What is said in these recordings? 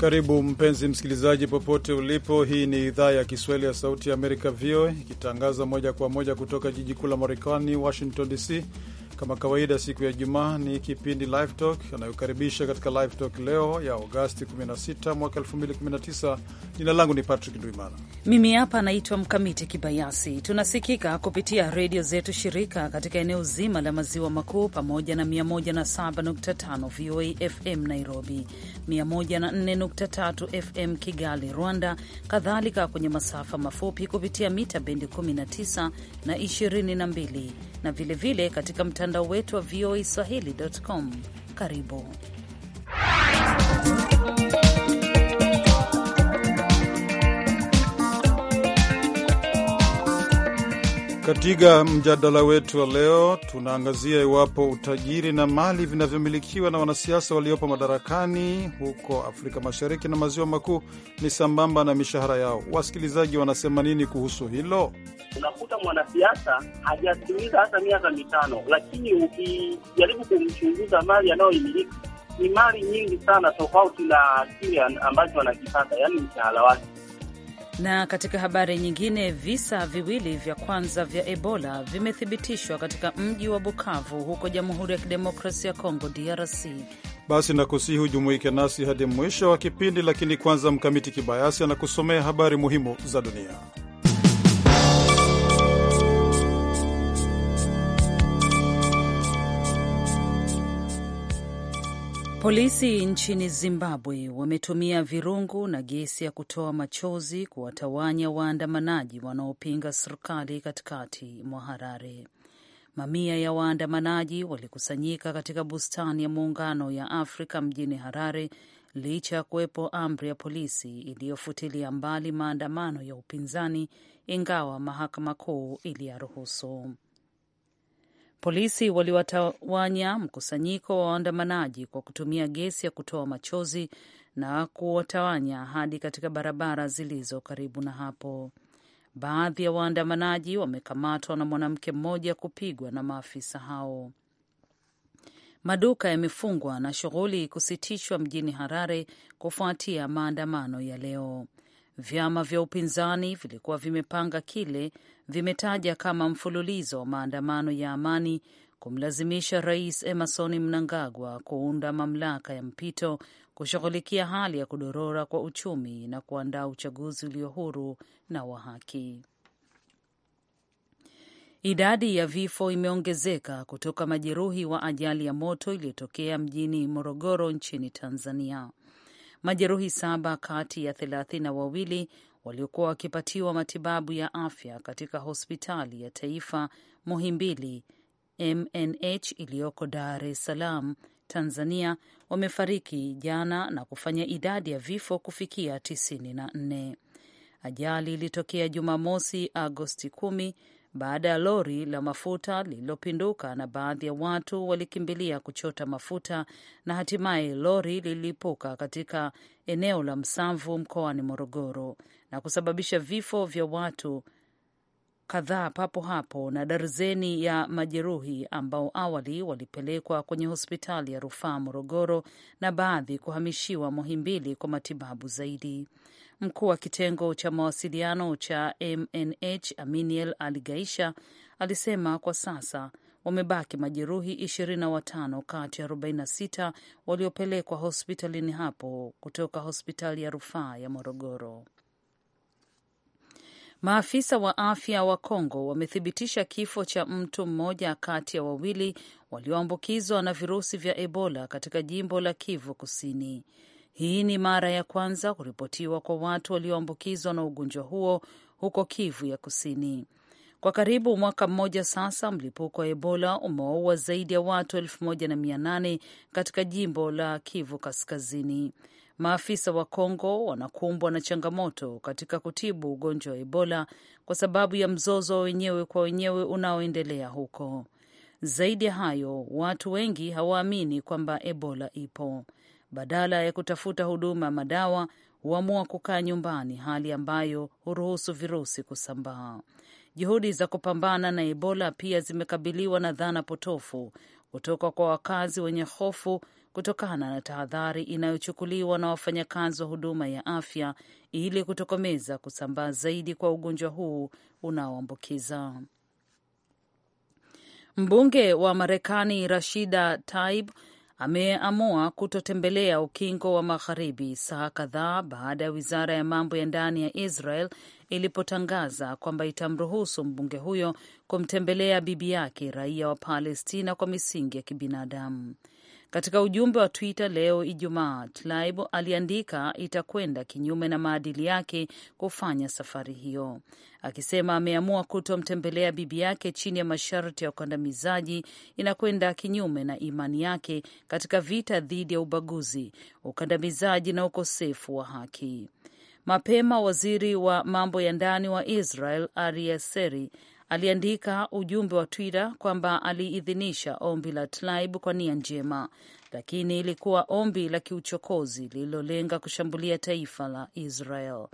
Karibu mpenzi msikilizaji, popote ulipo. Hii ni idhaa ya Kiswahili ya Sauti ya Amerika, VOA, ikitangaza moja kwa moja kutoka jiji kuu la Marekani, Washington DC. Kama kawaida, siku ya Jumaa ni kipindi Live Talk anayokaribisha katika Live Talk leo ya Agosti 16 mwaka 2019. Jina langu ni Patrick Ndwimana, mimi hapa naitwa Mkamiti Kibayasi. Tunasikika kupitia redio zetu shirika katika eneo zima la maziwa makuu pamoja na 107.5 VOA FM Nairobi, 104.3 FM Kigali, Rwanda, kadhalika kwenye masafa mafupi kupitia mita bendi 19 na 22 na vilevile vile katika mtandao wetu wa voa swahili.com. Karibu Katika mjadala wetu wa leo tunaangazia iwapo utajiri na mali vinavyomilikiwa na wanasiasa waliopo madarakani huko Afrika Mashariki na Maziwa Makuu ni sambamba na mishahara yao. Wasikilizaji wanasema nini kuhusu hilo? Unakuta mwanasiasa hajatimiza hata miaka mitano, lakini ukijaribu kumchunguza mali anayoimiliki ni mali nyingi sana, tofauti na kile ambacho anakipata, yaani mshahara wake. Na katika habari nyingine, visa viwili vya kwanza vya Ebola vimethibitishwa katika mji wa Bukavu huko Jamhuri ya Kidemokrasia ya Kongo, DRC. Basi nakusihi hujumuike nasi hadi mwisho wa kipindi, lakini kwanza Mkamiti Kibayasi anakusomea habari muhimu za dunia. Polisi nchini Zimbabwe wametumia virungu na gesi ya kutoa machozi kuwatawanya waandamanaji wanaopinga serikali katikati mwa Harare. Mamia ya waandamanaji walikusanyika katika bustani ya Muungano ya Afrika mjini Harare licha ya kuwepo amri ya polisi iliyofutilia mbali maandamano ya upinzani, ingawa mahakama kuu iliyaruhusu. Polisi waliwatawanya mkusanyiko wa waandamanaji kwa kutumia gesi ya kutoa machozi na kuwatawanya hadi katika barabara zilizo karibu na hapo. Baadhi ya waandamanaji wamekamatwa na mwanamke mmoja kupigwa na maafisa hao. Maduka yamefungwa na shughuli kusitishwa mjini Harare kufuatia maandamano ya leo. Vyama vya upinzani vilikuwa vimepanga kile vimetaja kama mfululizo wa maandamano ya amani kumlazimisha Rais Emerson Mnangagwa kuunda mamlaka ya mpito kushughulikia hali ya kudorora kwa uchumi na kuandaa uchaguzi ulio huru na wa haki. Idadi ya vifo imeongezeka kutoka majeruhi wa ajali ya moto iliyotokea mjini Morogoro nchini Tanzania majeruhi saba kati ya thelathini na wawili waliokuwa wakipatiwa matibabu ya afya katika hospitali ya taifa Muhimbili MNH iliyoko Dar es Salaam, Tanzania wamefariki jana na kufanya idadi ya vifo kufikia na nne Ajali ilitokea Jumamosi, Agosti kumi baada ya lori la mafuta lililopinduka na baadhi ya watu walikimbilia kuchota mafuta na hatimaye lori lilipuka katika eneo la Msamvu mkoani Morogoro na kusababisha vifo vya watu kadhaa papo hapo na darzeni ya majeruhi ambao awali walipelekwa kwenye hospitali ya rufaa Morogoro na baadhi kuhamishiwa Muhimbili kwa matibabu zaidi. Mkuu wa kitengo cha mawasiliano cha MNH Aminiel Aligaisha alisema kwa sasa wamebaki majeruhi 25 kati ya 46 waliopelekwa hospitalini hapo kutoka hospitali ya rufaa ya Morogoro. Maafisa wa afya wa Kongo wamethibitisha kifo cha mtu mmoja kati ya wawili walioambukizwa na virusi vya Ebola katika jimbo la Kivu Kusini. Hii ni mara ya kwanza kuripotiwa kwa watu walioambukizwa na ugonjwa huo huko Kivu ya Kusini. Kwa karibu mwaka mmoja sasa, mlipuko wa Ebola umewaua zaidi ya watu elfu moja na mia nane katika jimbo la Kivu Kaskazini. Maafisa wa Kongo wanakumbwa na changamoto katika kutibu ugonjwa wa Ebola kwa sababu ya mzozo wa wenyewe kwa wenyewe unaoendelea huko. Zaidi ya hayo, watu wengi hawaamini kwamba Ebola ipo badala ya kutafuta huduma ya madawa huamua kukaa nyumbani, hali ambayo huruhusu virusi kusambaa. Juhudi za kupambana na Ebola pia zimekabiliwa na dhana potofu kutoka kwa wakazi wenye hofu kutokana na tahadhari inayochukuliwa na wafanyakazi wa huduma ya afya ili kutokomeza kusambaa zaidi kwa ugonjwa huu unaoambukiza. Mbunge wa Marekani Rashida Tlaib ameamua kutotembelea ukingo wa magharibi saa kadhaa baada ya wizara ya mambo ya ndani ya Israel ilipotangaza kwamba itamruhusu mbunge huyo kumtembelea bibi yake raia wa Palestina kwa misingi ya kibinadamu. Katika ujumbe wa Twitter leo Ijumaa, Tlaib aliandika itakwenda kinyume na maadili yake kufanya safari hiyo, akisema ameamua kutomtembelea bibi yake chini ya masharti ya ukandamizaji. Inakwenda kinyume na imani yake katika vita dhidi ya ubaguzi, ukandamizaji na ukosefu wa haki. Mapema waziri wa mambo ya ndani wa Israel Ariel aliandika ujumbe wa Twitter kwamba aliidhinisha ombi la Tlaib kwa nia njema, lakini ilikuwa ombi la kiuchokozi lililolenga kushambulia taifa la Israel.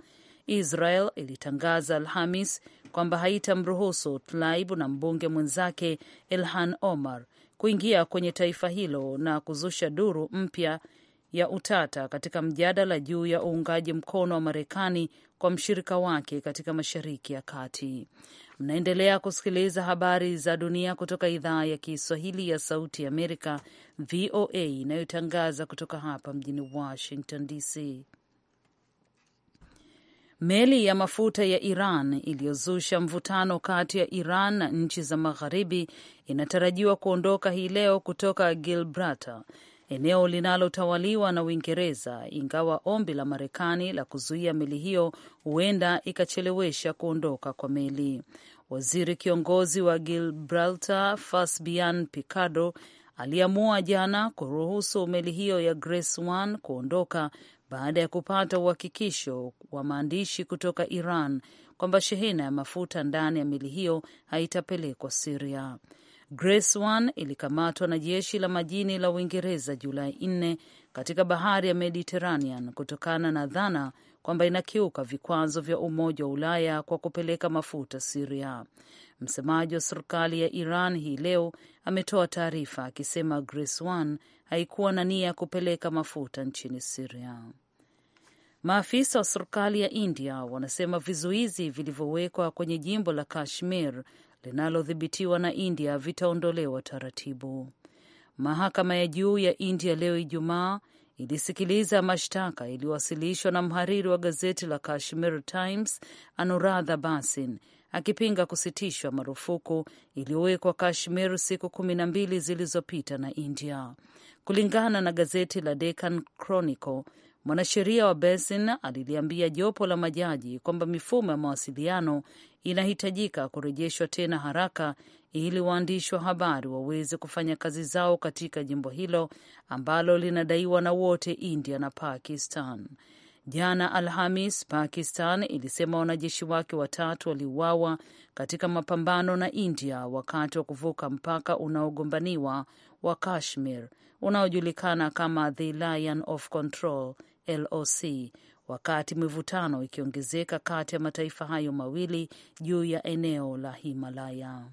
Israel ilitangaza Alhamis kwamba haitamruhusu Tlaib na mbunge mwenzake Ilhan Omar kuingia kwenye taifa hilo na kuzusha duru mpya ya utata katika mjadala juu ya uungaji mkono wa Marekani kwa mshirika wake katika Mashariki ya Kati mnaendelea kusikiliza habari za dunia kutoka idhaa ya Kiswahili ya Sauti ya Amerika, VOA, inayotangaza kutoka hapa mjini Washington DC. Meli ya mafuta ya Iran iliyozusha mvutano kati ya Iran na nchi za magharibi inatarajiwa kuondoka hii leo kutoka Gibraltar eneo linalotawaliwa na Uingereza, ingawa ombi la Marekani la kuzuia meli hiyo huenda ikachelewesha kuondoka kwa meli. Waziri kiongozi wa Gibraltar Fabian Picardo aliamua jana kuruhusu meli hiyo ya Grace kuondoka baada ya kupata uhakikisho wa maandishi kutoka Iran kwamba shehena ya mafuta ndani ya meli hiyo haitapelekwa Siria. Grace One ilikamatwa na jeshi la majini la Uingereza Julai nne katika bahari ya Mediterranean kutokana na dhana kwamba inakiuka vikwazo vya Umoja wa Ulaya kwa kupeleka mafuta Siria. Msemaji wa serikali ya Iran hii leo ametoa taarifa akisema Grace One haikuwa na nia ya kupeleka mafuta nchini Siria. Maafisa wa serikali ya India wanasema vizuizi vilivyowekwa kwenye jimbo la Kashmir linalodhibitiwa na India vitaondolewa taratibu. Mahakama ya juu ya India leo Ijumaa ilisikiliza mashtaka iliyowasilishwa na mhariri wa gazeti la Kashmir Times Anuradha Basin akipinga kusitishwa marufuku iliyowekwa Kashmir siku kumi na mbili zilizopita na India. Kulingana na gazeti la Deccan Chronicle, Mwanasheria wa Besin aliliambia jopo la majaji kwamba mifumo ya mawasiliano inahitajika kurejeshwa tena haraka ili waandishi wa habari waweze kufanya kazi zao katika jimbo hilo ambalo linadaiwa na wote India na Pakistan. Jana Alhamis, Pakistan ilisema wanajeshi wake watatu waliuawa katika mapambano na India wakati wa kuvuka mpaka unaogombaniwa wa Kashmir unaojulikana kama the Line of Control LOC wakati mivutano ikiongezeka kati ya mataifa hayo mawili juu ya eneo la Himalaya.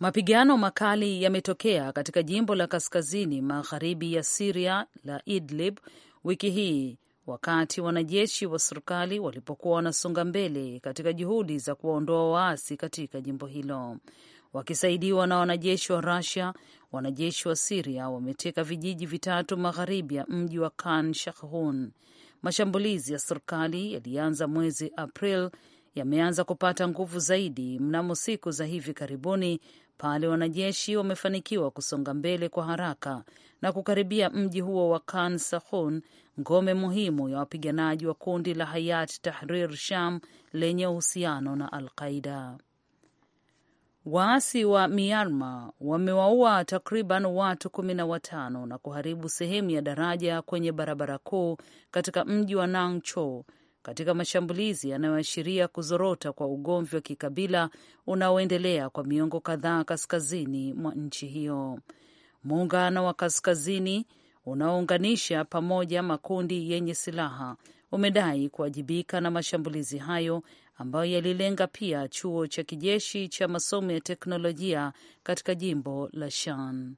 Mapigano makali yametokea katika jimbo la kaskazini magharibi ya Siria la Idlib wiki hii wakati wanajeshi wa serikali walipokuwa wanasonga mbele katika juhudi za kuwaondoa waasi katika jimbo hilo wakisaidiwa na wanajeshi wa Rusia. Wanajeshi wa Siria wameteka vijiji vitatu magharibi ya mji wa Khan Shakhun. Mashambulizi ya serikali yalianza mwezi April yameanza kupata nguvu zaidi mnamo siku za hivi karibuni pale wanajeshi wamefanikiwa kusonga mbele kwa haraka na kukaribia mji huo wa Khan Sahun, ngome muhimu ya wapiganaji wa kundi la Hayat Tahrir Sham lenye uhusiano na Al Qaida. Waasi wa Myanmar wamewaua takriban watu kumi na watano na kuharibu sehemu ya daraja kwenye barabara kuu katika mji wa Nangcho katika mashambulizi yanayoashiria kuzorota kwa ugomvi wa kikabila unaoendelea kwa miongo kadhaa kaskazini mwa nchi hiyo. Muungano wa kaskazini unaounganisha pamoja makundi yenye silaha umedai kuwajibika na mashambulizi hayo ambayo yalilenga pia chuo cha kijeshi cha masomo ya teknolojia katika jimbo la Shan.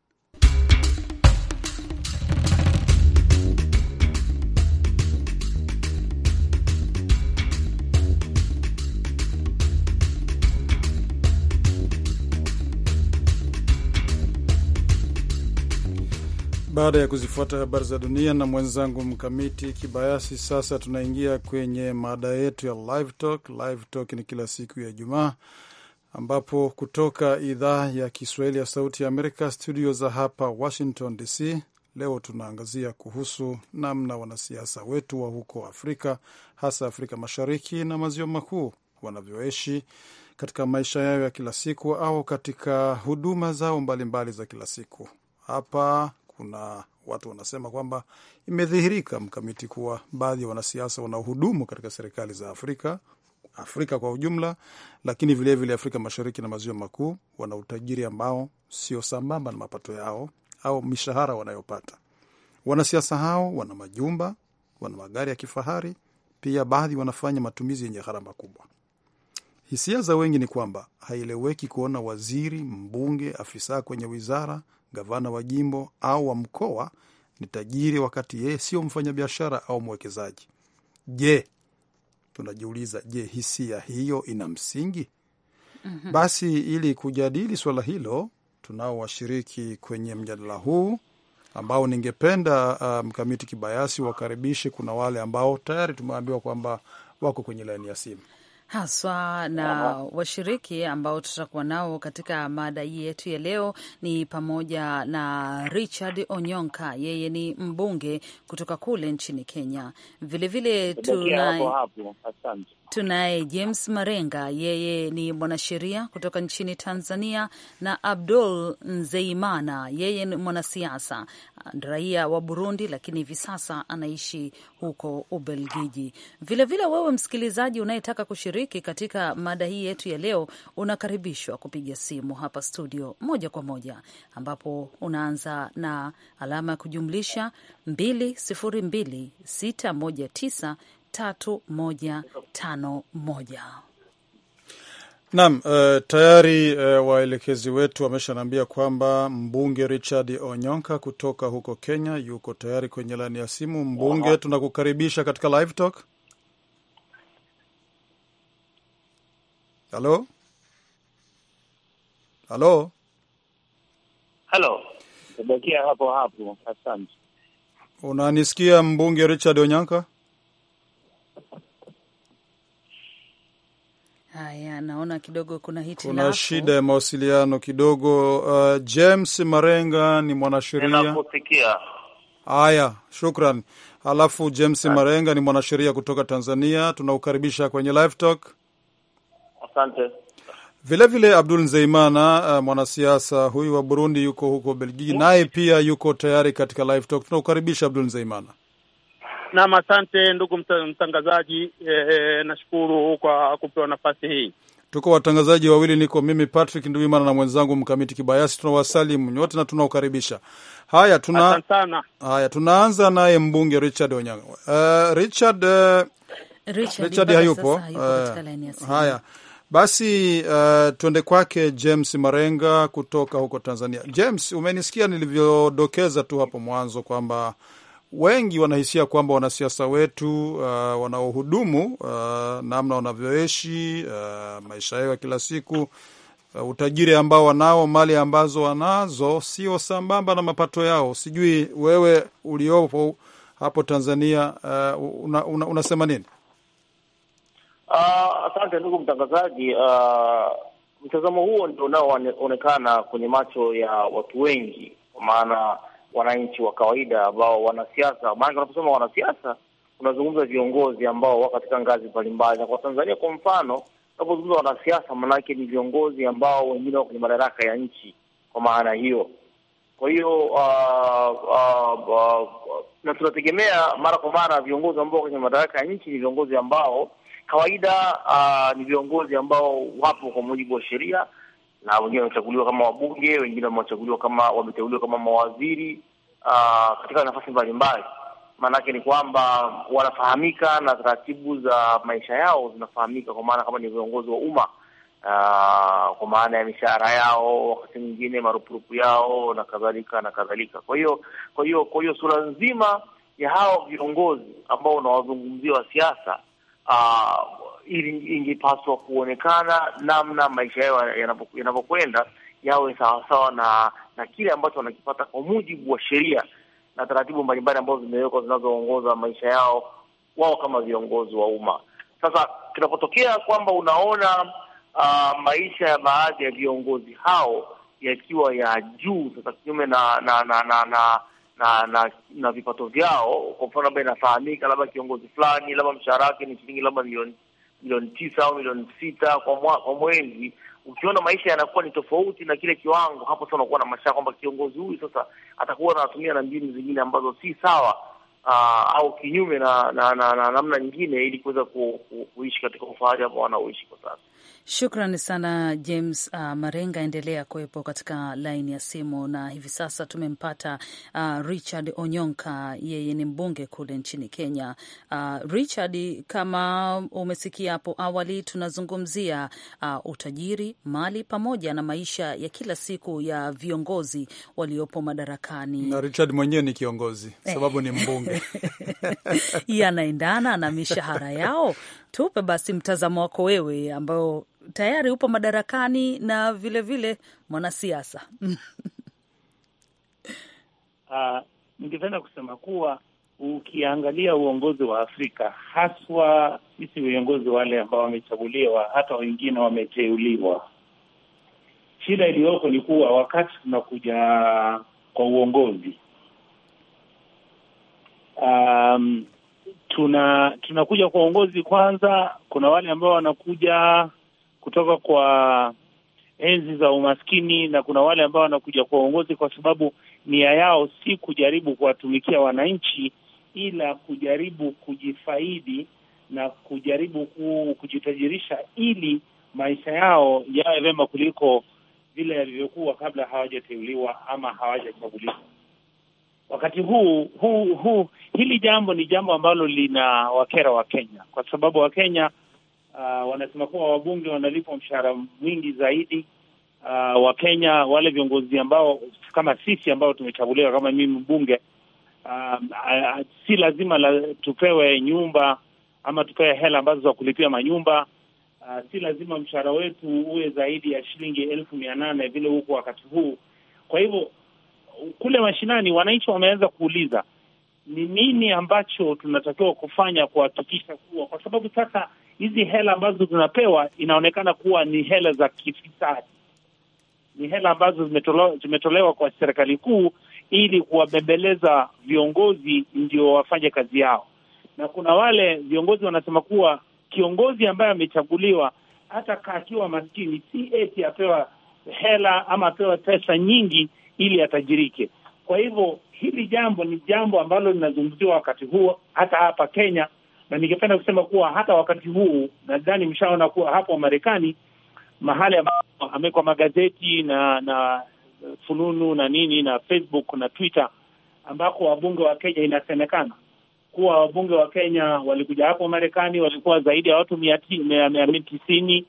Baada ya kuzifuata habari za dunia na mwenzangu Mkamiti Kibayasi, sasa tunaingia kwenye mada yetu ya Live Talk. Live Talk ni kila siku ya Ijumaa ambapo kutoka idhaa ya Kiswahili ya Sauti ya Amerika, studio za hapa Washington DC. Leo tunaangazia kuhusu namna wanasiasa wetu wa huko Afrika, hasa Afrika Mashariki na Maziwa Makuu wanavyoishi katika maisha yao ya kila siku au katika huduma zao mbalimbali mbali za kila siku. Hapa kuna watu wanasema kwamba imedhihirika mkamiti kuwa baadhi ya wanasiasa wanaohudumu katika serikali za Afrika Afrika kwa ujumla, lakini vilevile vile Afrika Mashariki na Maziwa Makuu wana utajiri ambao sio sambamba na mapato yao au mishahara wanayopata. Wanasiasa hao wana majumba, wana magari ya kifahari, pia baadhi wanafanya matumizi yenye gharama kubwa. Hisia za wengi ni kwamba haieleweki kuona waziri, mbunge, afisa kwenye wizara gavana wa jimbo au wa mkoa ni tajiri wakati yeye sio mfanyabiashara au mwekezaji. Je, tunajiuliza, je, hisia hiyo ina msingi? mm -hmm. Basi ili kujadili swala hilo tunao washiriki kwenye mjadala huu ambao ningependa uh, Mkamiti um, Kibayasi wakaribishe. Kuna wale ambao tayari tumeambiwa kwamba wako kwenye laini ya simu haswa na washiriki ambao tutakuwa nao katika mada yetu ya leo ni pamoja na Richard Onyonka, yeye ni mbunge kutoka kule nchini Kenya. Vilevile tuna hapo hapo, asante Tunaye James Marenga, yeye ni mwanasheria kutoka nchini Tanzania, na Abdul Nzeimana, yeye ni mwanasiasa raia wa Burundi, lakini hivi sasa anaishi huko Ubelgiji. Vilevile wewe msikilizaji unayetaka kushiriki katika mada hii yetu ya leo, unakaribishwa kupiga simu hapa studio moja kwa moja, ambapo unaanza na alama ya kujumlisha 202619 nam Naam, uh, tayari uh, waelekezi wetu wameshanaambia kwamba mbunge Richard Onyonka kutoka huko Kenya yuko tayari kwenye laini ya simu. Mbunge, tunakukaribisha katika live talk. Halo, halo, halo, hapo hapo. Asante. Unanisikia mbunge Richard Onyonka? Haya, naona kidogo kuna hiti kuna shida ya mawasiliano kidogo. Uh, James Marenga ni mwanasheria. Haya, shukran. Alafu James Haya, Marenga ni mwanasheria kutoka Tanzania, tunaukaribisha kwenye Live Talk. Asante vilevile Abdul Nzeimana, uh, mwanasiasa huyu wa Burundi, yuko huko Belgiji, naye pia yuko tayari katika Live Talk. Tunaukaribisha Abdul Nzeimana. Naam, asante ndugu mtangazaji. Eh, nashukuru kwa kupewa nafasi hii. Tuko watangazaji wawili, niko mimi Patrick Nduimana na mwenzangu Mkamiti Kibayasi. Tunawasalimu nyote na tunawakaribisha. Haya, tuna haya, tunaanza naye mbunge Richard Onyango. Uh, Richard, uh, Richard, Richard hayupo. Uh, haya basi, uh, tuende kwake James Marenga kutoka huko Tanzania. James, umenisikia nilivyodokeza tu hapo mwanzo kwamba wengi wanahisia kwamba wanasiasa wetu uh, wanaohudumu uh, namna wanavyoishi uh, maisha yao ya kila siku uh, utajiri ambao wanao, mali ambazo wanazo sio sambamba na mapato yao. Sijui wewe uliopo hapo Tanzania uh, una, una, unasema nini? Uh, asante ndugu mtangazaji. Uh, mtazamo huo ndio unaoonekana kwenye macho ya watu wengi, kwa maana wananchi wa kawaida ambao wanasiasa, maanake unaposema wanasiasa unazungumza viongozi ambao wako katika ngazi mbalimbali, na kwa Tanzania kwa mfano unapozungumza wanasiasa, maanake ni viongozi ambao wengine wako kwenye madaraka ya nchi. Kwa maana hiyo, kwa hiyo uh, uh, uh, na tunategemea mara kwa mara viongozi ambao kwenye madaraka ya nchi ni viongozi ambao kawaida, uh, ni viongozi ambao wapo kwa mujibu wa sheria na wengine wamechaguliwa kama wabunge, wengine wamechaguliwa kama wameteuliwa kama mawaziri uh, katika nafasi mbalimbali. Maanake ni kwamba wanafahamika na taratibu za maisha yao zinafahamika, kwa maana kama ni viongozi wa umma uh, kwa maana ya mishahara yao, wakati mwingine marupurupu yao na kadhalika na kadhalika. Kwa hiyo kwa hiyo kwa hiyo sura nzima ya hao viongozi ambao unawazungumzia wa siasa uh, ili ingepaswa kuonekana namna maisha yao yanavyokwenda yawe sawasawa na na kile ambacho wanakipata kwa mujibu wa sheria na taratibu mbalimbali ambazo zimewekwa zinazoongoza maisha yao wao kama viongozi wa umma. Sasa kinapotokea kwamba unaona uh, maisha ya baadhi ya viongozi hao yakiwa ya juu sasa, kinyume na na na na na na, na, na vipato vyao. Kwa mfano, labda inafahamika labda kiongozi fulani labda mshahara wake ni shilingi labda milioni milioni tisa au milioni sita kwa mwa, kwa mwezi, ukiona maisha yanakuwa ni tofauti na kile kiwango, hapo sasa unakuwa na mashaka kwamba kiongozi huyu sasa atakuwa anatumia na mbinu zingine ambazo si sawa uh, au kinyume na namna na, na, na, na, nyingine ili kuweza kuishi katika ufahari ambao wanaoishi kwa sasa. Shukran sana James uh, Marenga, endelea kuwepo katika laini ya simu. Na hivi sasa tumempata uh, Richard Onyonka, yeye ni mbunge kule nchini Kenya. Uh, Richard, kama umesikia hapo awali, tunazungumzia uh, utajiri, mali pamoja na maisha ya kila siku ya viongozi waliopo madarakani, na Richard mwenyewe ni kiongozi sababu ni mbunge yanaendana na mishahara yao tupe basi mtazamo wako wewe, ambao tayari upo madarakani na vilevile mwanasiasa. Uh, ningependa kusema kuwa ukiangalia uongozi wa Afrika haswa sisi viongozi wale ambao wamechaguliwa, hata wengine wameteuliwa, shida iliyoko ni kuwa wakati tunakuja kwa uongozi um, tuna tunakuja kwa uongozi kwanza. Kuna wale ambao wanakuja kutoka kwa enzi za umaskini na kuna wale ambao wanakuja kwa uongozi kwa sababu nia yao si kujaribu kuwatumikia wananchi, ila kujaribu kujifaidi na kujaribu kujitajirisha ili maisha yao yawe vema kuliko vile yalivyokuwa kabla hawajateuliwa ama hawajachaguliwa wakati huu huu huu, hili jambo ni jambo ambalo lina wakera wa Kenya kwa sababu Wakenya uh, ah, wanasema kuwa wabunge wanalipwa mshahara mwingi zaidi. Uh, ah, Wakenya wale viongozi ambao kama sisi ambao tumechaguliwa kama mimi mbunge uh, uh, si lazima la, tupewe nyumba ama tupewe hela ambazo za kulipia manyumba uh, si lazima mshahara wetu uwe zaidi ya shilingi elfu mia nane vile huko wakati huu. Kwa hivyo kule mashinani wananchi wameanza kuuliza ni nini ambacho tunatakiwa kufanya kuhakikisha kuwa, kwa sababu sasa hizi hela ambazo tunapewa inaonekana kuwa ni hela za kifisadi, ni hela ambazo zimetolewa, zimetolewa kwa serikali kuu ili kuwabembeleza viongozi ndio wafanye kazi yao, na kuna wale viongozi wanasema kuwa kiongozi ambaye amechaguliwa hata akiwa maskini, si eti apewa hela ama apewa pesa nyingi ili atajirike. Kwa hivyo hili jambo ni jambo ambalo linazungumziwa wakati huu hata hapa Kenya, na ningependa kusema kuwa hata wakati huu nadhani mshaona kuwa hapo Marekani mahali ambapo amewekwa magazeti na na eh, fununu na nini na Facebook na Twitter ambako wabunge wa Kenya inasemekana kuwa wabunge wa Kenya walikuja hapo Marekani, walikuwa zaidi ya watu mia tisini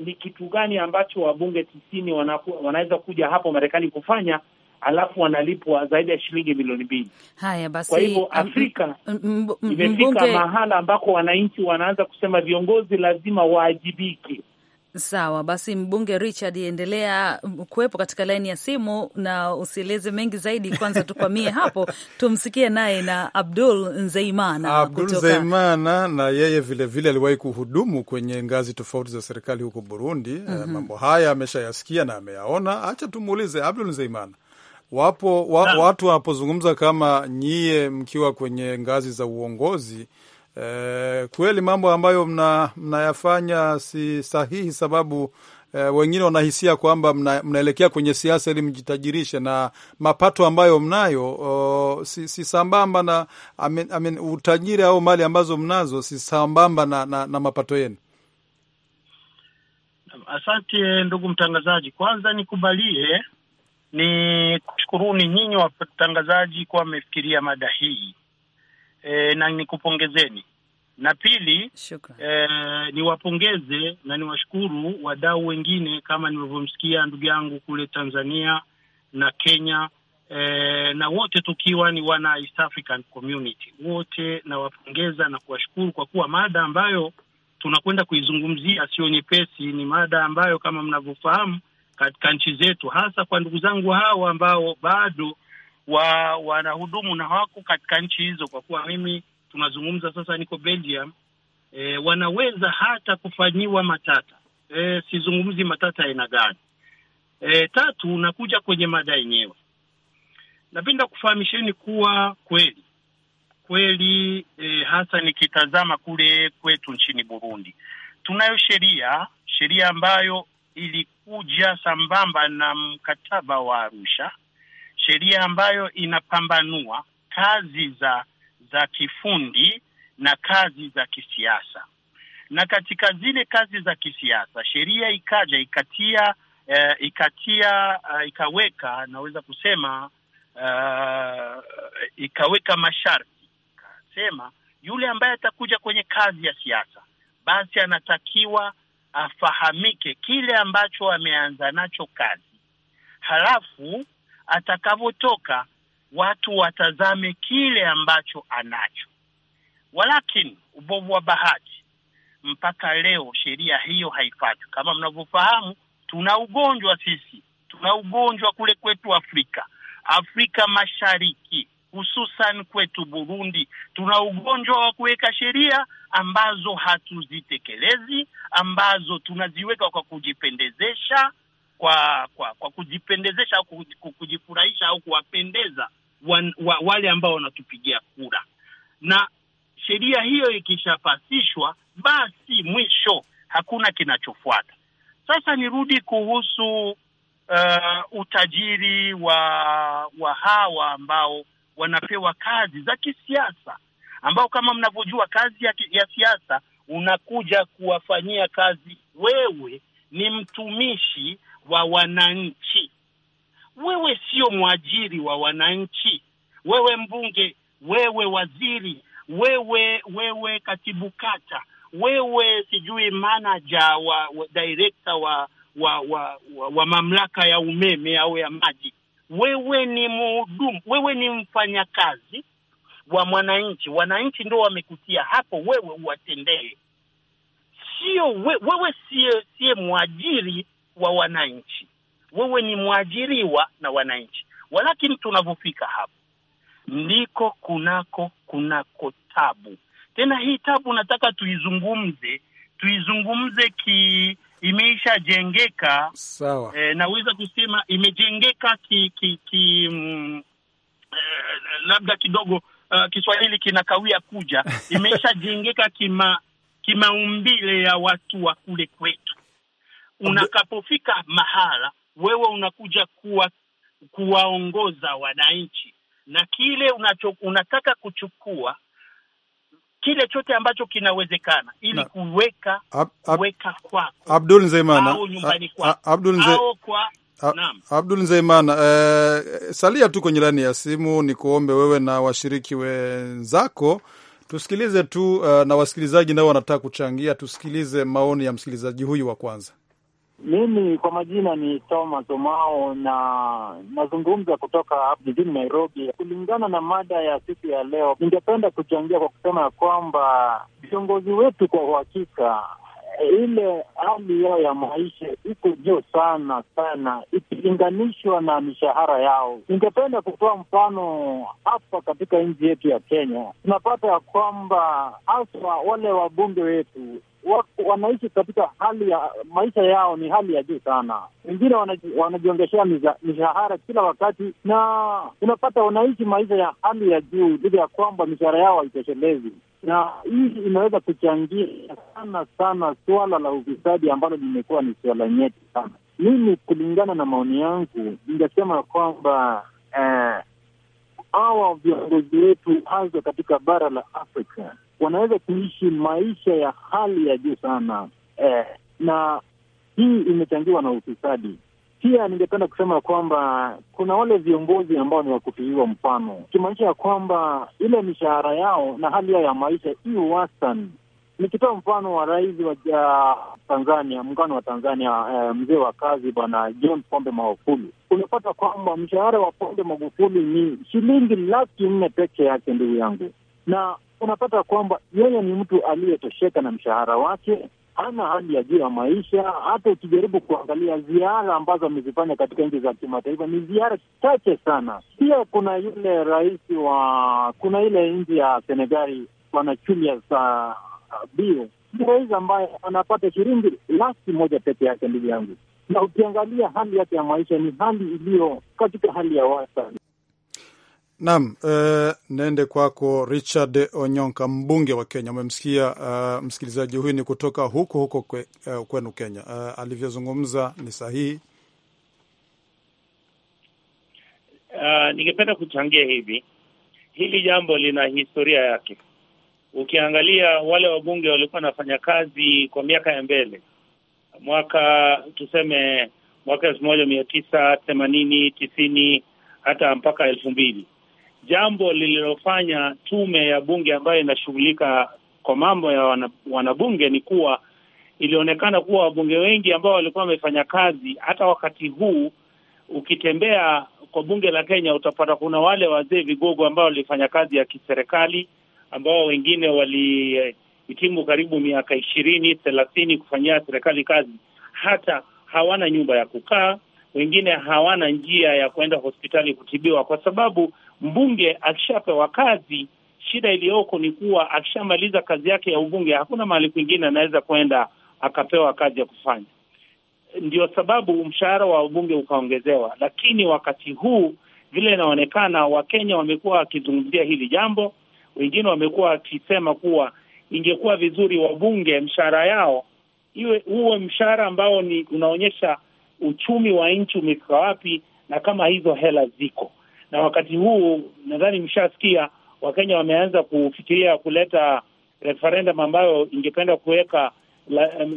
ni, kitu gani ambacho wabunge tisini wanaweza kuja hapo Marekani kufanya alafu wanalipwa zaidi ya shilingi milioni mbili. Haya basi, kwa hivyo um, Afrika um, um, imefika mahala ambako wananchi wanaanza kusema viongozi lazima waajibike. Sawa basi, mbunge Richard, endelea kuwepo katika laini ya simu na usieleze mengi zaidi. Kwanza tukwamie hapo, tumsikie naye na Abdul Nzeimana. Abdul Nzeimana na yeye vilevile aliwahi kuhudumu kwenye ngazi tofauti za serikali huko Burundi. mm -hmm. Mambo haya ameshayasikia na ameyaona. Acha tumuulize Abdul Nzeimana. Wapo wa, watu wanapozungumza kama nyie mkiwa kwenye ngazi za uongozi Eh, kweli mambo ambayo mna, mnayafanya si sahihi, sababu e, wengine wanahisia kwamba mna, mnaelekea kwenye siasa ili mjitajirishe na mapato ambayo mnayo o, si, si sambamba na amen, amen, utajiri au mali ambazo mnazo si sambamba na, na, na mapato yenu. Asante ndugu mtangazaji, kwanza nikubalie ni kushukuruni nyinyi watangazaji kuwa mmefikiria mada hii e, na nikupongezeni na pili e, niwapongeze na niwashukuru wadau wengine kama nilivyomsikia ndugu yangu kule Tanzania na Kenya e, na wote tukiwa ni wana East African Community wote nawapongeza na kuwashukuru kwa kuwa mada ambayo tunakwenda kuizungumzia sio nyepesi. Ni mada ambayo kama mnavyofahamu katika nchi zetu, hasa kwa ndugu zangu hawa ambao bado wa wanahudumu na hawako katika nchi hizo, kwa kuwa mimi tunazungumza sasa, niko Belgium. E, wanaweza hata kufanyiwa matata. E, sizungumzi matata aina gani. E, tatu, unakuja kwenye mada yenyewe. Napenda kufahamisheni kuwa kweli kweli, e, hasa nikitazama kule kwetu nchini Burundi, tunayo sheria sheria ambayo ilikuja sambamba na mkataba wa Arusha sheria ambayo inapambanua kazi za za kifundi na kazi za kisiasa. Na katika zile kazi za kisiasa sheria ikaja ikatia eh, ikatia uh, ikaweka naweza kusema uh, ikaweka masharti, ikasema yule ambaye atakuja kwenye kazi ya siasa basi anatakiwa afahamike kile ambacho ameanza nacho kazi, halafu atakavyotoka watu watazame kile ambacho anacho. Walakini, ubovu wa bahati, mpaka leo sheria hiyo haifatwi Kama mnavyofahamu, tuna ugonjwa sisi, tuna ugonjwa kule kwetu Afrika, Afrika Mashariki, hususan kwetu Burundi, tuna ugonjwa wa kuweka sheria ambazo hatuzitekelezi, ambazo tunaziweka kwa kujipendezesha kwa kwa kwa kujipendezesha au kujifurahisha au kuwapendeza wan, wa, wale ambao wanatupigia kura. Na sheria hiyo ikishapasishwa, basi mwisho hakuna kinachofuata. Sasa nirudi kuhusu uh, utajiri wa wa hawa ambao wanapewa kazi za kisiasa, ambao kama mnavyojua kazi ya, ya siasa unakuja kuwafanyia kazi, wewe ni mtumishi wa wananchi. Wewe sio mwajiri wa wananchi, wewe mbunge, wewe waziri, wewe wewe katibu kata, wewe sijui manaja wa, wa director wa wa, wa wa wa mamlaka ya umeme au ya maji. Wewe ni mhudumu, wewe ni mfanyakazi wa mwananchi. Wananchi ndio wamekutia hapo, wewe uwatendee. Sio we, wewe sie, siye mwajiri wa wananchi, wewe ni mwajiriwa na wananchi. Walakini tunavyofika hapo ndiko kunako kunako tabu. Tena hii tabu nataka tuizungumze, tuizungumze ki imeishajengeka sawa. E, naweza kusema imejengeka ki, ki, ki mm, e, labda kidogo uh, Kiswahili kinakawia kuja, imeishajengeka kima kimaumbile ya watu wa kule kwetu unakapofika mahala, wewe unakuja kuwa kuwaongoza wananchi na kile unacho, unataka kuchukua kile chote ambacho kinawezekana ili kuweka kuweka kwako Abdul Nzeimana au nyumbani kwako Abdul Nze... au kwa Abdul Nzeimana, eh, salia tu kwenye laini ya simu. Ni kuombe wewe na washiriki wenzako tusikilize tu, uh, na wasikilizaji nao wanataka kuchangia. Tusikilize maoni ya msikilizaji huyu wa kwanza. Mimi kwa majina ni Thomas Omao na nazungumza kutoka hapa jijini Nairobi. Kulingana na mada ya siku ya leo, ningependa kuchangia kwa kusema ya kwamba viongozi wetu kwa uhakika ile hali yao ya maisha iko juu sana sana ikilinganishwa na mishahara yao. Ningependa kutoa mfano hapa katika nchi yetu ya Kenya, tunapata ya kwamba haswa wale wabunge wetu wanaishi katika hali ya maisha yao ni hali ya juu sana. Wengine wanajiongeshea mishahara kila wakati, na unapata wanaishi maisha ya hali ya juu licha ya kwamba mishahara yao haitoshelezi, na hii inaweza kuchangia sana sana suala la ufisadi ambalo limekuwa ni suala nyeti sana. Mimi kulingana na maoni yangu, ningesema kwamba eh, hawa eh, viongozi wetu hasa katika bara la Afrika wanaweza kuishi maisha ya hali ya juu sana eh, na hii imechangiwa na ufisadi. Pia ningependa kusema kwamba kuna wale viongozi ambao ni wakupigiwa mfano, kimaanisha ya kwamba ile mishahara yao na hali yao ya maisha iu wastani. Nikitoa mfano wa rais wa Tanzania, muungano wa Tanzania, eh, mzee wa kazi bwana John Pombe Magufuli, unapata kwamba mshahara wa Pombe Magufuli ni shilingi laki nne peke yake, ndugu yangu, na unapata kwamba yeye ni mtu aliyetosheka na mshahara wake, hana hali ya juu ya maisha. Hata ukijaribu kuangalia ziara ambazo amezifanya katika nchi za kimataifa ni ziara chache sana. Pia kuna yule rais wa kuna ile nchi ya Senegali, bwana Julius uh, Bio, ni rais ambaye anapata shilingi laki moja peke yake, ndugu yangu, na ukiangalia hali yake ya maisha ni hali iliyo katika hali ya wastani. Naam, e, eh, naende kwako Richard Onyonka, mbunge wa Kenya. Umemsikia uh, msikilizaji huyu ni kutoka huko huko kwe, uh, kwenu Kenya. Uh, alivyozungumza ni sahihi. Uh, ningependa kuchangia hivi, hili jambo lina historia yake. Ukiangalia wale wabunge walikuwa wanafanya kazi kwa miaka ya mbele, mwaka tuseme mwaka elfu moja mia tisa themanini tisini hata mpaka elfu mbili jambo lililofanya tume ya bunge ambayo inashughulika kwa mambo ya wana, wanabunge ni kuwa ilionekana kuwa wabunge wengi ambao walikuwa wamefanya kazi, hata wakati huu ukitembea kwa bunge la Kenya utapata kuna wale wazee vigogo ambao walifanya kazi ya kiserikali, ambao wengine walihitimu karibu miaka ishirini thelathini kufanyia serikali kazi, hata hawana nyumba ya kukaa, wengine hawana njia ya kuenda hospitali kutibiwa kwa sababu mbunge akishapewa kazi, shida iliyoko ni kuwa akishamaliza kazi yake ya ubunge, hakuna mahali kwingine anaweza kwenda akapewa kazi ya kufanya. Ndio sababu mshahara wa ubunge ukaongezewa, lakini wakati huu vile inaonekana, Wakenya wamekuwa wakizungumzia hili jambo, wengine wamekuwa wakisema kuwa ingekuwa vizuri wabunge mshahara yao iwe huwe mshahara ambao ni unaonyesha uchumi wa nchi umefika wapi na kama hizo hela ziko na wakati huu nadhani mshasikia Wakenya wameanza kufikiria kuleta referendum ambayo ingependa kuweka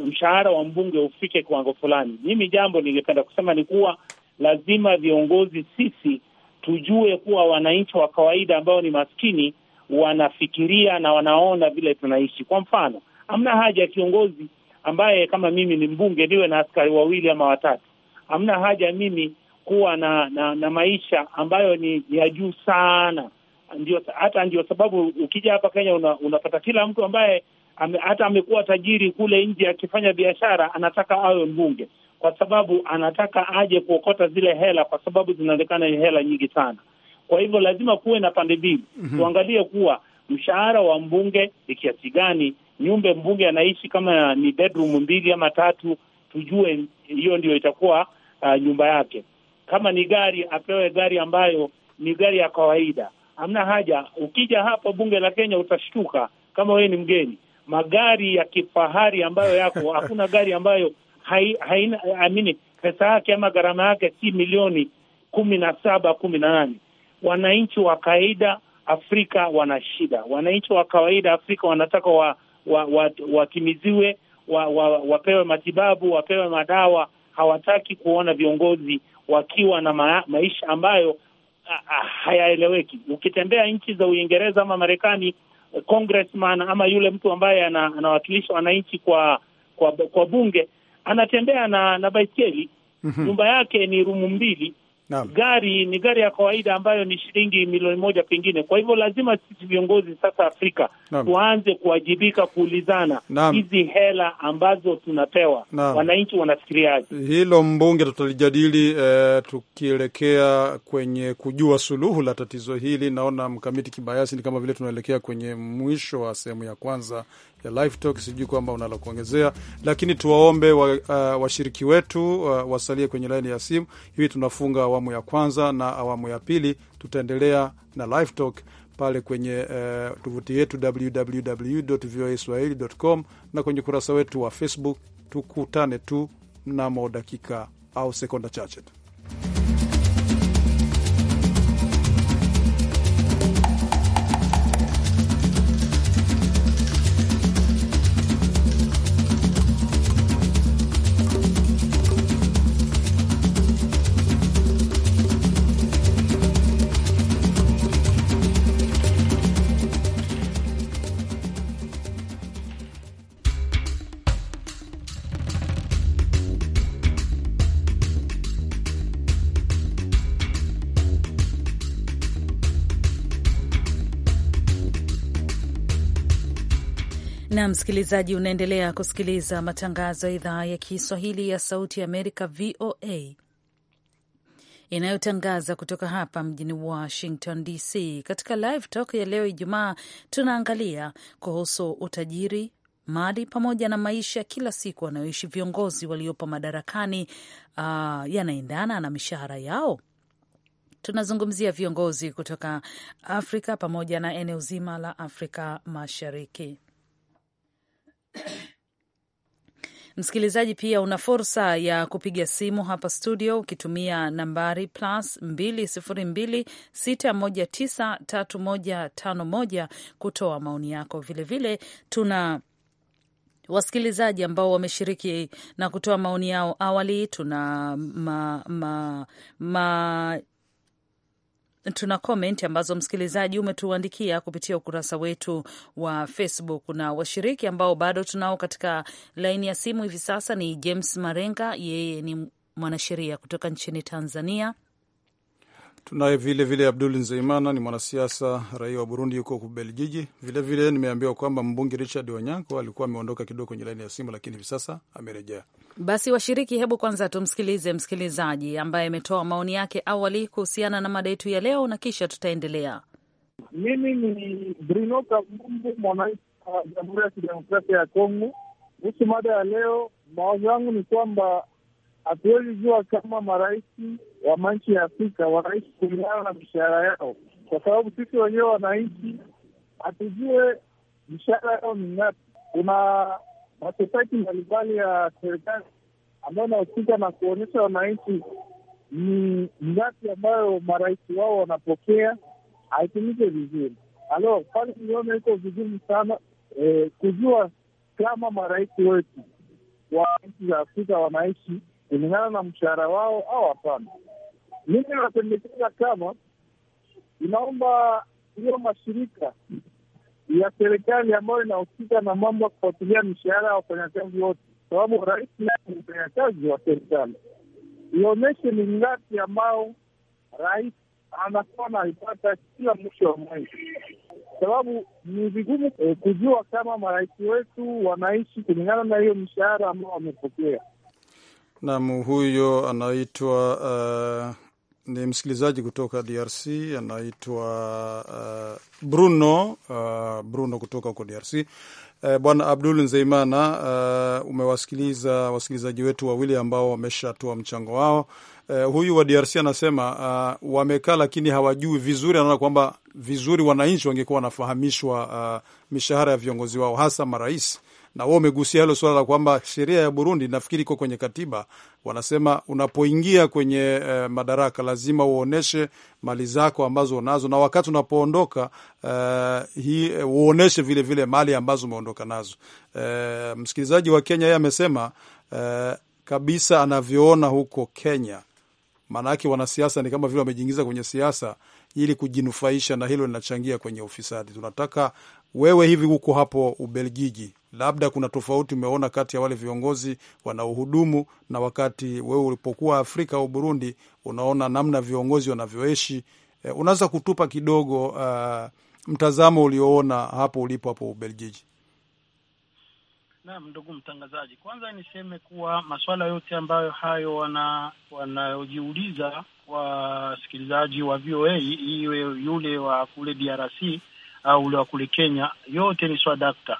mshahara wa mbunge ufike kiwango fulani. Mimi jambo ningependa kusema ni kuwa lazima viongozi sisi tujue kuwa wananchi wa kawaida ambao ni maskini wanafikiria na wanaona vile tunaishi. Kwa mfano, hamna haja ya kiongozi ambaye kama mimi ni mbunge niwe na askari wawili ama watatu. Hamna haja mimi kuwa na, na na maisha ambayo ni ya juu sana. Ndio hata ndio sababu ukija hapa Kenya una, unapata kila mtu ambaye ame, hata amekuwa tajiri kule nje akifanya biashara anataka awe mbunge, kwa sababu anataka aje kuokota zile hela, kwa sababu zinaonekana ni hela nyingi sana. Kwa hivyo lazima kuwe na pande mbili, mhm. tuangalie mm -hmm. kuwa mshahara wa mbunge ni kiasi gani, nyumba mbunge anaishi kama ni bedroom mbili ama tatu, tujue hiyo ndio itakuwa uh, nyumba yake kama ni gari apewe gari ambayo ni gari ya kawaida, hamna haja. Ukija hapa bunge la Kenya utashtuka kama wewe ni mgeni, magari ya kifahari ambayo yako hakuna gari ambayo hai, haina amini pesa yake ama gharama yake si milioni kumi na saba kumi na nane. Wananchi wa kawaida Afrika wana shida, wananchi wa kawaida Afrika wanataka wa watimiziwe wa, wa, wa wa, wapewe matibabu wapewe madawa. Hawataki kuona viongozi wakiwa na ma maisha ambayo hayaeleweki. Ukitembea nchi za Uingereza ama Marekani, eh, congressman ama yule mtu ambaye anawakilisha wananchi kwa, kwa kwa bunge anatembea na na baiskeli mhm. nyumba yake ni rumu mbili Naam. Gari ni gari ya kawaida ambayo ni shilingi milioni moja pengine. Kwa hivyo lazima sisi viongozi sasa Afrika waanze kuwajibika kuulizana hizi hela ambazo tunapewa wananchi wanafikiriaje? Hilo mbunge tutalijadili eh, tukielekea kwenye kujua suluhu la tatizo hili. Naona mkamiti kibayasi, ni kama vile tunaelekea kwenye mwisho wa sehemu ya kwanza ya live talk. Sijui kwamba unalo kuongezea, lakini tuwaombe eh, washiriki wa wetu uh, wasalie kwenye laini ya simu. Hivi tunafunga awamu ya kwanza, na awamu ya pili tutaendelea na live talk pale kwenye uh, tovuti yetu www.voaswahili.com na kwenye ukurasa wetu wa Facebook. Tukutane tu mnamo dakika au sekonda chache tu. na msikilizaji, unaendelea kusikiliza matangazo ya idhaa ya Kiswahili ya Sauti ya Amerika, VOA, inayotangaza kutoka hapa mjini Washington DC. Katika Live Talk ya leo Ijumaa, tunaangalia kuhusu utajiri mali pamoja na maisha ya kila siku wanayoishi viongozi waliopo madarakani, uh, yanaendana na mishahara yao. Tunazungumzia viongozi kutoka Afrika pamoja na eneo zima la Afrika Mashariki. Msikilizaji pia una fursa ya kupiga simu hapa studio ukitumia nambari plus 2026193151 kutoa maoni yako. Vilevile vile, tuna wasikilizaji ambao wameshiriki na kutoa maoni yao awali. Tuna ma, ma, ma, tuna comment ambazo msikilizaji umetuandikia kupitia ukurasa wetu wa Facebook na washiriki ambao bado tunao katika laini ya simu hivi sasa ni James Marenga, yeye ni mwanasheria kutoka nchini Tanzania. Tunaye vile vile Abdul Nzeimana, ni mwanasiasa raia wa Burundi, yuko Ubelgiji. Vilevile nimeambiwa kwamba mbunge Richard Wanyanko alikuwa ameondoka kidogo kwenye laini ya simu, lakini hivi sasa amerejea. Basi washiriki, hebu kwanza tumsikilize msikilizaji ambaye ametoa maoni yake awali kuhusiana na mada yetu ya leo, na kisha tutaendelea. Mimi ni Bruno Kabumbu, mwananchi wa Jamhuri ya Kidemokrasia ya Kongo. Kuhusu mada ya leo, mawazo yangu ni kwamba hatuwezi jua kama marais wa manchi ya Afrika wanaishi kulingana na mishahara yao, kwa sababu sisi wenyewe wananchi hatujue mishahara yao ni ngapi. Kuna masosaki mbalimbali ya serikali ambayo inahusika na kuonyesha wananchi ni ngapi ambayo marais wao wanapokea, haitumike vizuri. Alo pale niliona iko vigumu sana eh, kujua kama marais wetu wa nchi za Afrika wanaishi kulingana na mshahara wao au hapana. Mimi napendekeza kama inaomba hiyo mashirika ya serikali ambayo inahusika na mambo ya kufuatilia mishahara ya wafanyakazi wote, sababu rais naye ni mfanyakazi wa serikali, ionyeshe ni ngapi ambao rais anakuwa anaipata kila mwisho wa mwezi, sababu ni vigumu eh, kujua kama marais wetu wanaishi kulingana na hiyo mishahara ambao wamepokea. Nam huyo anaitwa uh ni msikilizaji kutoka DRC anaitwa uh, Bruno uh, Bruno kutoka huko DRC. Uh, Bwana Abdul Nzeimana, uh, umewasikiliza wasikilizaji wetu wawili ambao wameshatoa mchango wao. Uh, huyu wa DRC anasema uh, wamekaa lakini hawajui vizuri, anaona kwamba vizuri wananchi wangekuwa wanafahamishwa uh, mishahara ya viongozi wao hasa marais na wao umegusia hilo suala la kwamba sheria ya Burundi nafikiri iko kwenye katiba, wanasema unapoingia kwenye eh, madaraka lazima uoneshe mali zako ambazo unazo na wakati unapoondoka eh, hii eh, uoneshe vile vile mali ambazo umeondoka nazo. Eh, msikilizaji wa Kenya yeye amesema eh, kabisa anavyoona huko Kenya, maanake wanasiasa ni kama vile wamejiingiza kwenye siasa ili kujinufaisha, na hilo linachangia kwenye ufisadi. Tunataka wewe hivi huko hapo Ubelgiji, labda kuna tofauti umeona kati ya wale viongozi wanaohudumu na wakati wewe ulipokuwa Afrika au Burundi, unaona namna viongozi wanavyoishi? E, unaweza kutupa kidogo uh, mtazamo ulioona hapo ulipo hapo Ubelgiji? Naam, ndugu mtangazaji, kwanza niseme kuwa masuala yote ambayo hayo wanayojiuliza wana wasikilizaji wa VOA iwe yule wa kule DRC au ule wa kule Kenya, yote ni swadakta.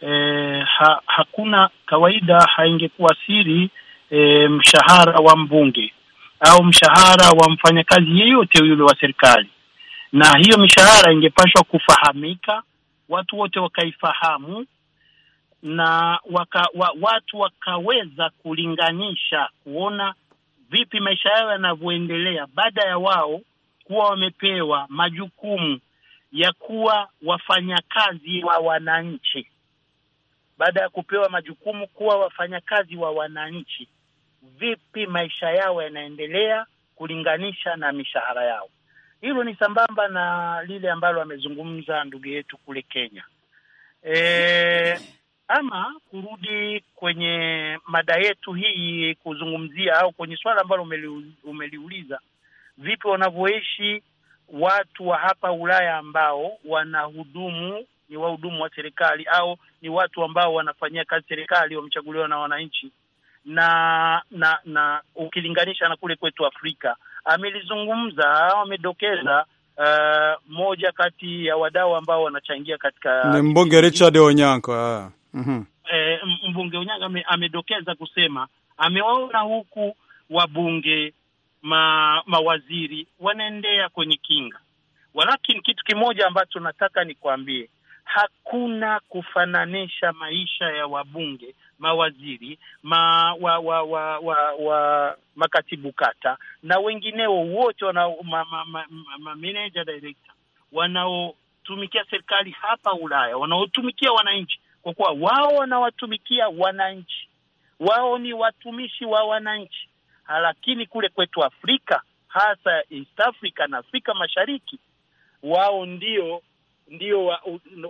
E, eh, ha, hakuna kawaida, haingekuwa siri e, mshahara wa mbunge au mshahara wa mfanyakazi yeyote yule wa serikali, na hiyo mishahara ingepashwa kufahamika, watu wote wakaifahamu na waka, wa, watu wakaweza kulinganisha kuona vipi maisha yao yanavyoendelea baada ya wao kuwa wamepewa majukumu ya kuwa wafanyakazi wa wananchi, baada ya kupewa majukumu kuwa wafanyakazi wa wananchi. Vipi maisha yao yanaendelea kulinganisha na mishahara yao? Hilo ni sambamba na lile ambalo amezungumza ndugu yetu kule Kenya. E, ama kurudi kwenye mada yetu hii kuzungumzia au kwenye swala ambalo umeliuliza, vipi wanavyoishi watu wa hapa Ulaya ambao wanahudumu ni wahudumu wa serikali au ni watu ambao wanafanyia kazi serikali, wamechaguliwa na wananchi, na na na ukilinganisha na kule kwetu Afrika. Amelizungumza, amedokeza uh, moja kati ya wadau ambao wanachangia katika ni mbunge Richard Onyango Ah, mm Eh, mbunge Onyango amedokeza kusema amewaona huku wabunge ma, mawaziri wanaendea kwenye kinga. Walakini kitu kimoja ambacho nataka nikuambie, hakuna kufananisha maisha ya wabunge, mawaziri, ma, wa, wa, wa, wa, wa makatibu kata na wengineo wote wana ma, ma, ma, ma, manager director wanaotumikia serikali hapa Ulaya, wanaotumikia wananchi, kwa kuwa wao wanawatumikia wananchi, wao ni watumishi wa wananchi Ah, lakini kule kwetu Afrika hasa East Africa na Afrika Mashariki wao ndio ndio wa,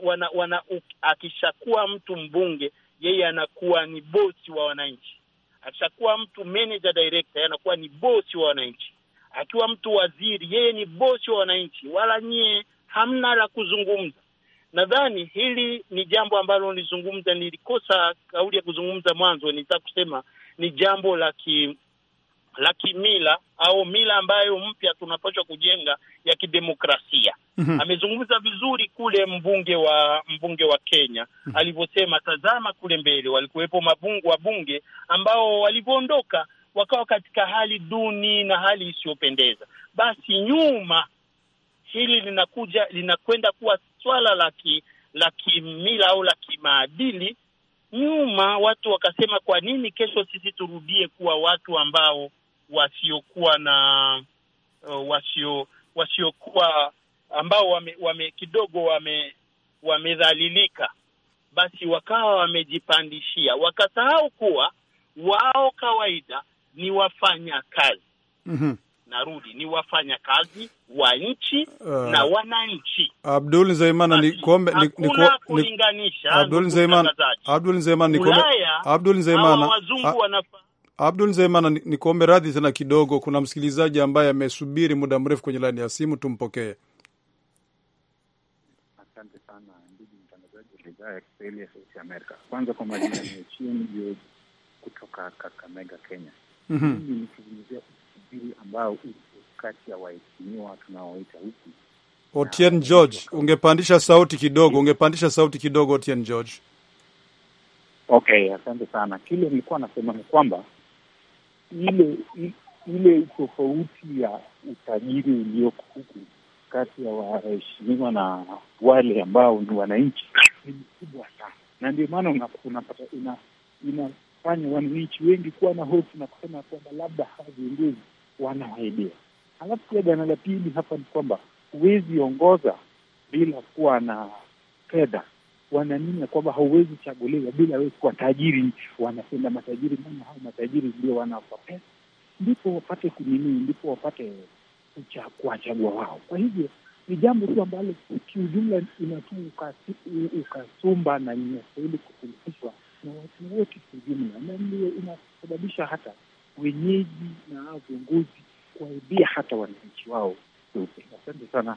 wana, wana, akishakuwa mtu mbunge yeye anakuwa ni bosi wa wananchi. Akishakuwa mtu manager director anakuwa ni bosi wa wananchi. Akiwa mtu waziri yeye ni bosi wa wananchi, wala nyie hamna la kuzungumza. Nadhani hili ni jambo ambalo nilizungumza, nilikosa kauli ya kuzungumza mwanzo. Nilitaka kusema ni jambo la ki la kimila au mila ambayo mpya tunapaswa kujenga ya kidemokrasia. mm -hmm. Amezungumza vizuri kule mbunge wa mbunge wa Kenya mm -hmm. alivyosema, tazama kule mbele walikuwepo mabungu wa bunge ambao walivyoondoka wakawa katika hali duni na hali isiyopendeza. Basi nyuma hili linakuja linakwenda kuwa swala la ki, la kimila au la kimaadili. Nyuma watu wakasema, kwa nini kesho sisi turudie kuwa watu ambao wasiokuwa na uh, wasio wasiokuwa ambao wame, wame kidogo wame wamedhalilika, basi wakawa wamejipandishia, wakasahau kuwa wao kawaida ni wafanya kazi mm -hmm. Narudi ni wafanya kazi wa nchi uh, na wananchi. Abdul Zeimana, ni kuombe ni kuunganisha Abdul Zeimana, Abdul Zaiman, Abdul Zaiman, wazungu wanafanya Abdul Zeman, nikuombe radhi tena kidogo, kuna msikilizaji ambaye amesubiri muda mrefu kwenye laini ya simu, tumpokee. Asante sana ndugu mtangazaji wa idhaa ya Kiswahili ya Sauti ya Amerika. Kwanza kwa majina ni Ochieng George kutoka Kakamega, Kenya. Hii mhm. ni kuzungumzia usubiri ambao uko kati ya waheshimiwa tunaoita huku. Otien George, ungepandisha sauti kidogo, ungepandisha sauti kidogo, Otien George. Okay, asante sana. Kile nilikuwa nasema ni kwamba ile ile tofauti ya utajiri ulioko huku kati ya waheshimiwa na wale ambao ni wananchi ni mkubwa sana, na ndio maana unapata ina, inafanya wananchi wengi kuwa na hofu na kusema kwamba labda hawa viongozi wanawaidea. Halafu pia jana la pili hapa ni kwamba huwezi ongoza bila kuwa na fedha wanaamini ya kwamba hauwezi chaguliwa bila wewe kuwa tajiri. Wanasema matajiri, maana hao matajiri ndio wanaopa pesa, ndipo wapate kunini, ndipo wapate kuwachagua wao. Kwa hivyo ni jambo tu ambalo kiujumla inatu ukasumba na inastahili kufundishwa na watu wote kiujumla, na ndio inasababisha hata wenyeji na viongozi kuaibia hata wananchi wao. Asante sana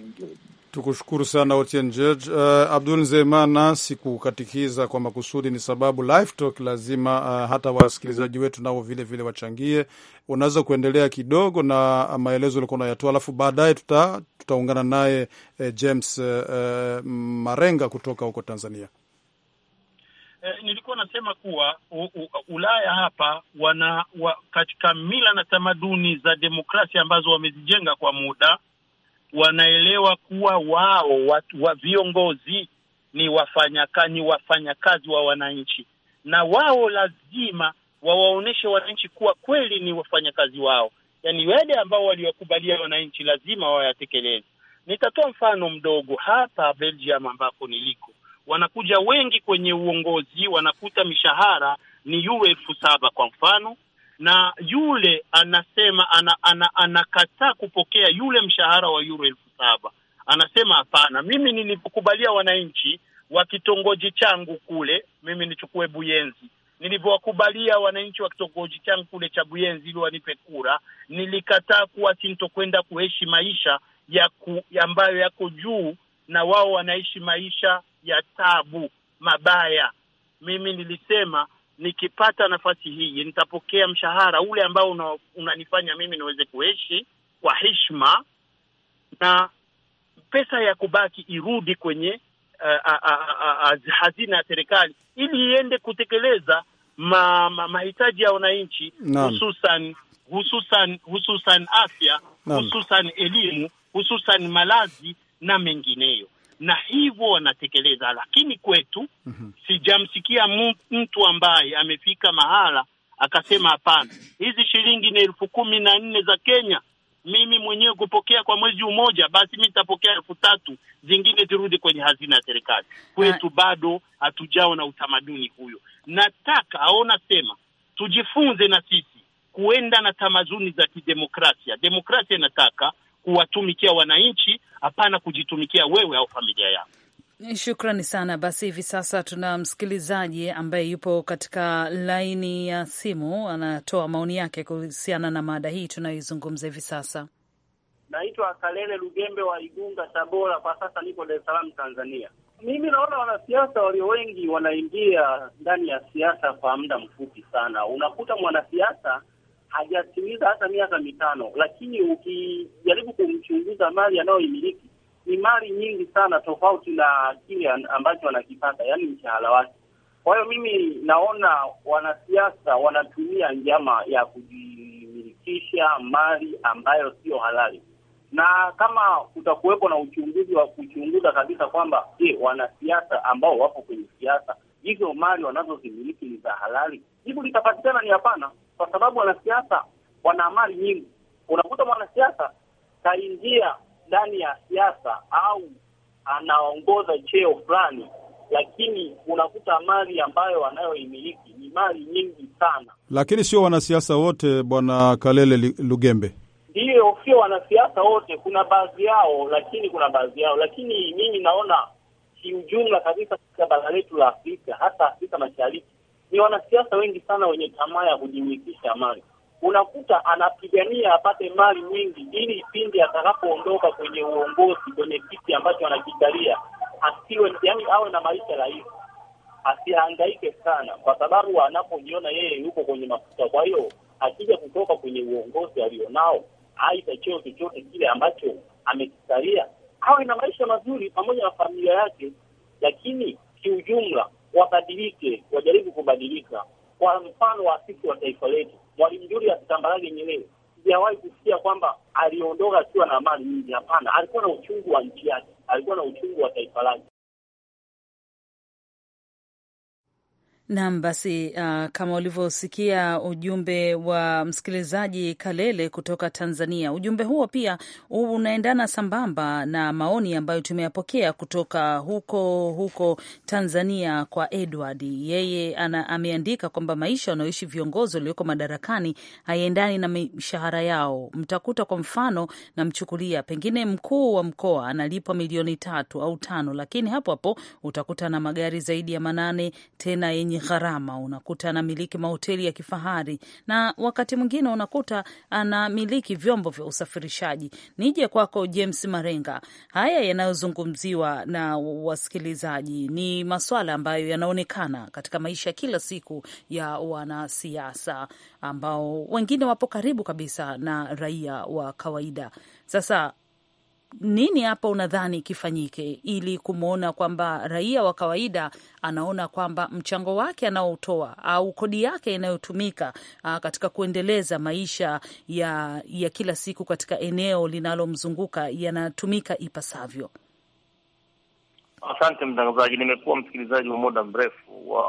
nzuri. Tukushukuru sana Otieno George. Uh, Abdul Zeimana, sikukatikiza kwa makusudi, ni sababu live talk lazima, uh, hata wasikilizaji wetu nao vile vile wachangie. Unaweza kuendelea kidogo na uh, maelezo ulikuwa unayatoa, alafu baadaye tuta, tutaungana naye eh, James eh, Marenga kutoka huko Tanzania. Eh, nilikuwa nasema kuwa u, u, Ulaya hapa wana wa, katika mila na tamaduni za demokrasia ambazo wamezijenga kwa muda wanaelewa kuwa wao watu wa viongozi ni wafanyakazi wafanyakazi wa wananchi, na wao lazima wawaoneshe wananchi kuwa kweli ni wafanyakazi wao, yaani wale ambao waliwakubalia wananchi lazima wawayatekeleze Nitatoa mfano mdogo hapa Belgium ambapo niliko, wanakuja wengi kwenye uongozi, wanakuta mishahara ni u elfu saba kwa mfano, na yule anasema ana, ana, anakataa kupokea yule mshahara wa yuro elfu saba. Anasema hapana, mimi nilivyokubalia wananchi wa kitongoji changu kule, mimi nichukue Buyenzi, nilivyowakubalia wananchi wa kitongoji changu kule cha Buyenzi ili wanipe kura, nilikataa kuwa sintokwenda kuishi maisha ya ku, ambayo yako juu na wao wanaishi maisha ya tabu mabaya. Mimi nilisema nikipata nafasi hii nitapokea mshahara ule ambao unanifanya una mimi niweze kuishi kwa heshima na pesa ya kubaki irudi kwenye uh, uh, uh, uh, hazina ya serikali ili iende kutekeleza ma, ma, mahitaji ya wananchi hususan hususan hususan afya hususan elimu hususan malazi na mengineyo na hivyo wanatekeleza. Lakini kwetu mm -hmm. sijamsikia mtu ambaye amefika mahala akasema hapana, hizi shilingi ni elfu kumi na nne za Kenya mimi mwenyewe kupokea kwa mwezi mmoja, basi mi nitapokea elfu tatu zingine zirudi kwenye hazina ya serikali. Kwetu eh. bado hatujao na utamaduni huyo. Nataka au nasema tujifunze na sisi kuenda na tamaduni za kidemokrasia. Demokrasia inataka kuwatumikia wananchi, hapana kujitumikia wewe au familia yako. Shukrani sana. Basi hivi sasa tuna msikilizaji ambaye yupo katika laini ya simu, anatoa maoni yake kuhusiana na mada hii tunayoizungumza hivi sasa. Naitwa Kalele Lugembe wa Igunga, Tabora. Kwa sasa niko Dar es Salaam, Tanzania. Mimi naona wanasiasa walio wengi wanaingia ndani ya siasa kwa muda mfupi sana. Unakuta mwanasiasa hajatimiza hata miaka mitano, lakini ukijaribu kumchunguza mali anayoimiliki ni mali nyingi sana, tofauti na kile ambacho anakipata, yaani mshahara wake. Kwa hiyo mimi naona wanasiasa wanatumia njama ya kujimilikisha mali ambayo sio halali, na kama kutakuwepo na uchunguzi wa kuchunguza kabisa kwamba je, wanasiasa ambao wapo kwenye siasa hizo mali wanazozimiliki ni za halali, jibu litapatikana ni hapana kwa sababu wanasiasa wana amali nyingi. Unakuta mwanasiasa kaingia ndani ya siasa au anaongoza cheo fulani, lakini unakuta mali ambayo anayoimiliki ni mali nyingi sana. Lakini sio wanasiasa wote, Bwana Kalele Lugembe. Ndiyo, sio wanasiasa wote, kuna baadhi yao, lakini kuna baadhi yao, lakini mimi naona kiujumla kabisa, katika bara letu la Afrika, hasa Afrika Mashariki ni wanasiasa wengi sana wenye tamaa ya kujiwikisha mali. Unakuta anapigania apate mali nyingi, ili pindi atakapoondoka kwenye uongozi, kwenye kiti ambacho anakikalia, asiwe yani, awe na maisha rahisi, asihangaike sana, kwa sababu anapojiona yeye yuko kwenye mafuta. Kwa hiyo akija kutoka kwenye uongozi alionao, aita cheo chochote kile ambacho amekikalia, awe na maisha mazuri pamoja na familia yake, lakini kiujumla wabadilike, wajaribu kubadilika. Kwa mfano waasisi wa taifa letu Mwalimu Julius Kambarage Nyerere, sijawahi kusikia kwamba aliondoka akiwa na mali nyingi. Hapana, alikuwa na uchungu wa nchi yake, alikuwa na uchungu wa taifa lake. Nam basi, uh, kama ulivyosikia ujumbe wa msikilizaji Kalele kutoka Tanzania. Ujumbe huo pia unaendana sambamba na maoni ambayo tumeyapokea kutoka huko huko Tanzania kwa Edward. Yeye ana, ameandika kwamba maisha wanaoishi viongozi walioko madarakani haiendani na mishahara yao. Mtakuta kwa mfano, namchukulia pengine mkuu wa mkoa analipwa milioni tatu au tano, lakini hapo hapo utakuta na magari zaidi ya manane tena yenye mwenye gharama, unakuta anamiliki mahoteli ya kifahari, na wakati mwingine unakuta anamiliki vyombo vya usafirishaji. Nije kwako James Marenga, haya yanayozungumziwa na wasikilizaji ni maswala ambayo yanaonekana katika maisha kila siku ya wanasiasa ambao wengine wapo karibu kabisa na raia wa kawaida. Sasa nini hapa unadhani kifanyike ili kumwona kwamba raia wa kawaida anaona kwamba mchango wake anaotoa au kodi yake inayotumika ah, katika kuendeleza maisha ya, ya kila siku katika eneo linalomzunguka yanatumika ipasavyo? Asante mtangazaji, nimekuwa msikilizaji wa muda mrefu wa,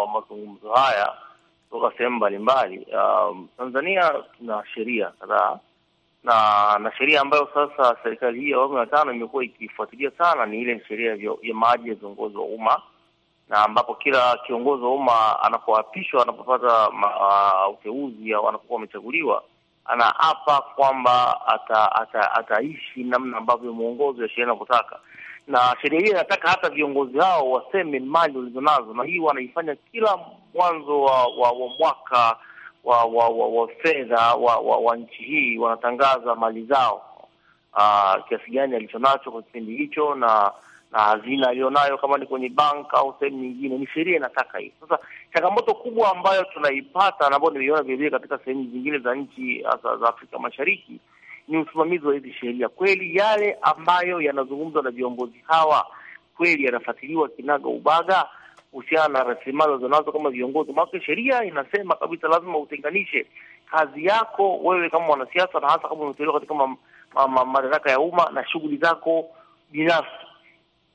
wa mazungumzo haya kutoka sehemu mbalimbali. Um, Tanzania tuna sheria kadhaa na na sheria ambayo sasa serikali hii ya awamu ya tano imekuwa ikifuatilia sana ni ile sheria ya maji ya viongozi wa umma, na ambapo kila kiongozi wa umma anapoapishwa, anapopata uteuzi au anapokuwa amechaguliwa, anaapa kwamba ataishi namna ambavyo mwongozo wa sheria inavyotaka, na sheria hii inataka hata viongozi hao waseme mali walizonazo, na hii wanaifanya kila mwanzo wa, wa, wa mwaka wa wa, wa, wa fedha wa, wa, wa nchi hii wanatangaza mali zao ah, kiasi gani alichonacho kwa kipindi hicho na na hazina aliyonayo kama ni kwenye bank au sehemu nyingine. Ni sheria inataka hii. Sasa changamoto kubwa ambayo tunaipata na ambayo nimeiona vilevile katika sehemu zingine za nchi hasa za Afrika Mashariki ni usimamizi wa hizi sheria. Kweli yale ambayo yanazungumzwa na viongozi hawa kweli yanafuatiliwa kinaga ubaga? kuhusiana na rasilimali zonazo kama viongozi. Maana sheria inasema kabisa lazima utenganishe kazi yako wewe kama mwanasiasa, na hasa kama umeteuliwa katika ma, ma, ma, madaraka ya umma na shughuli zako binafsi.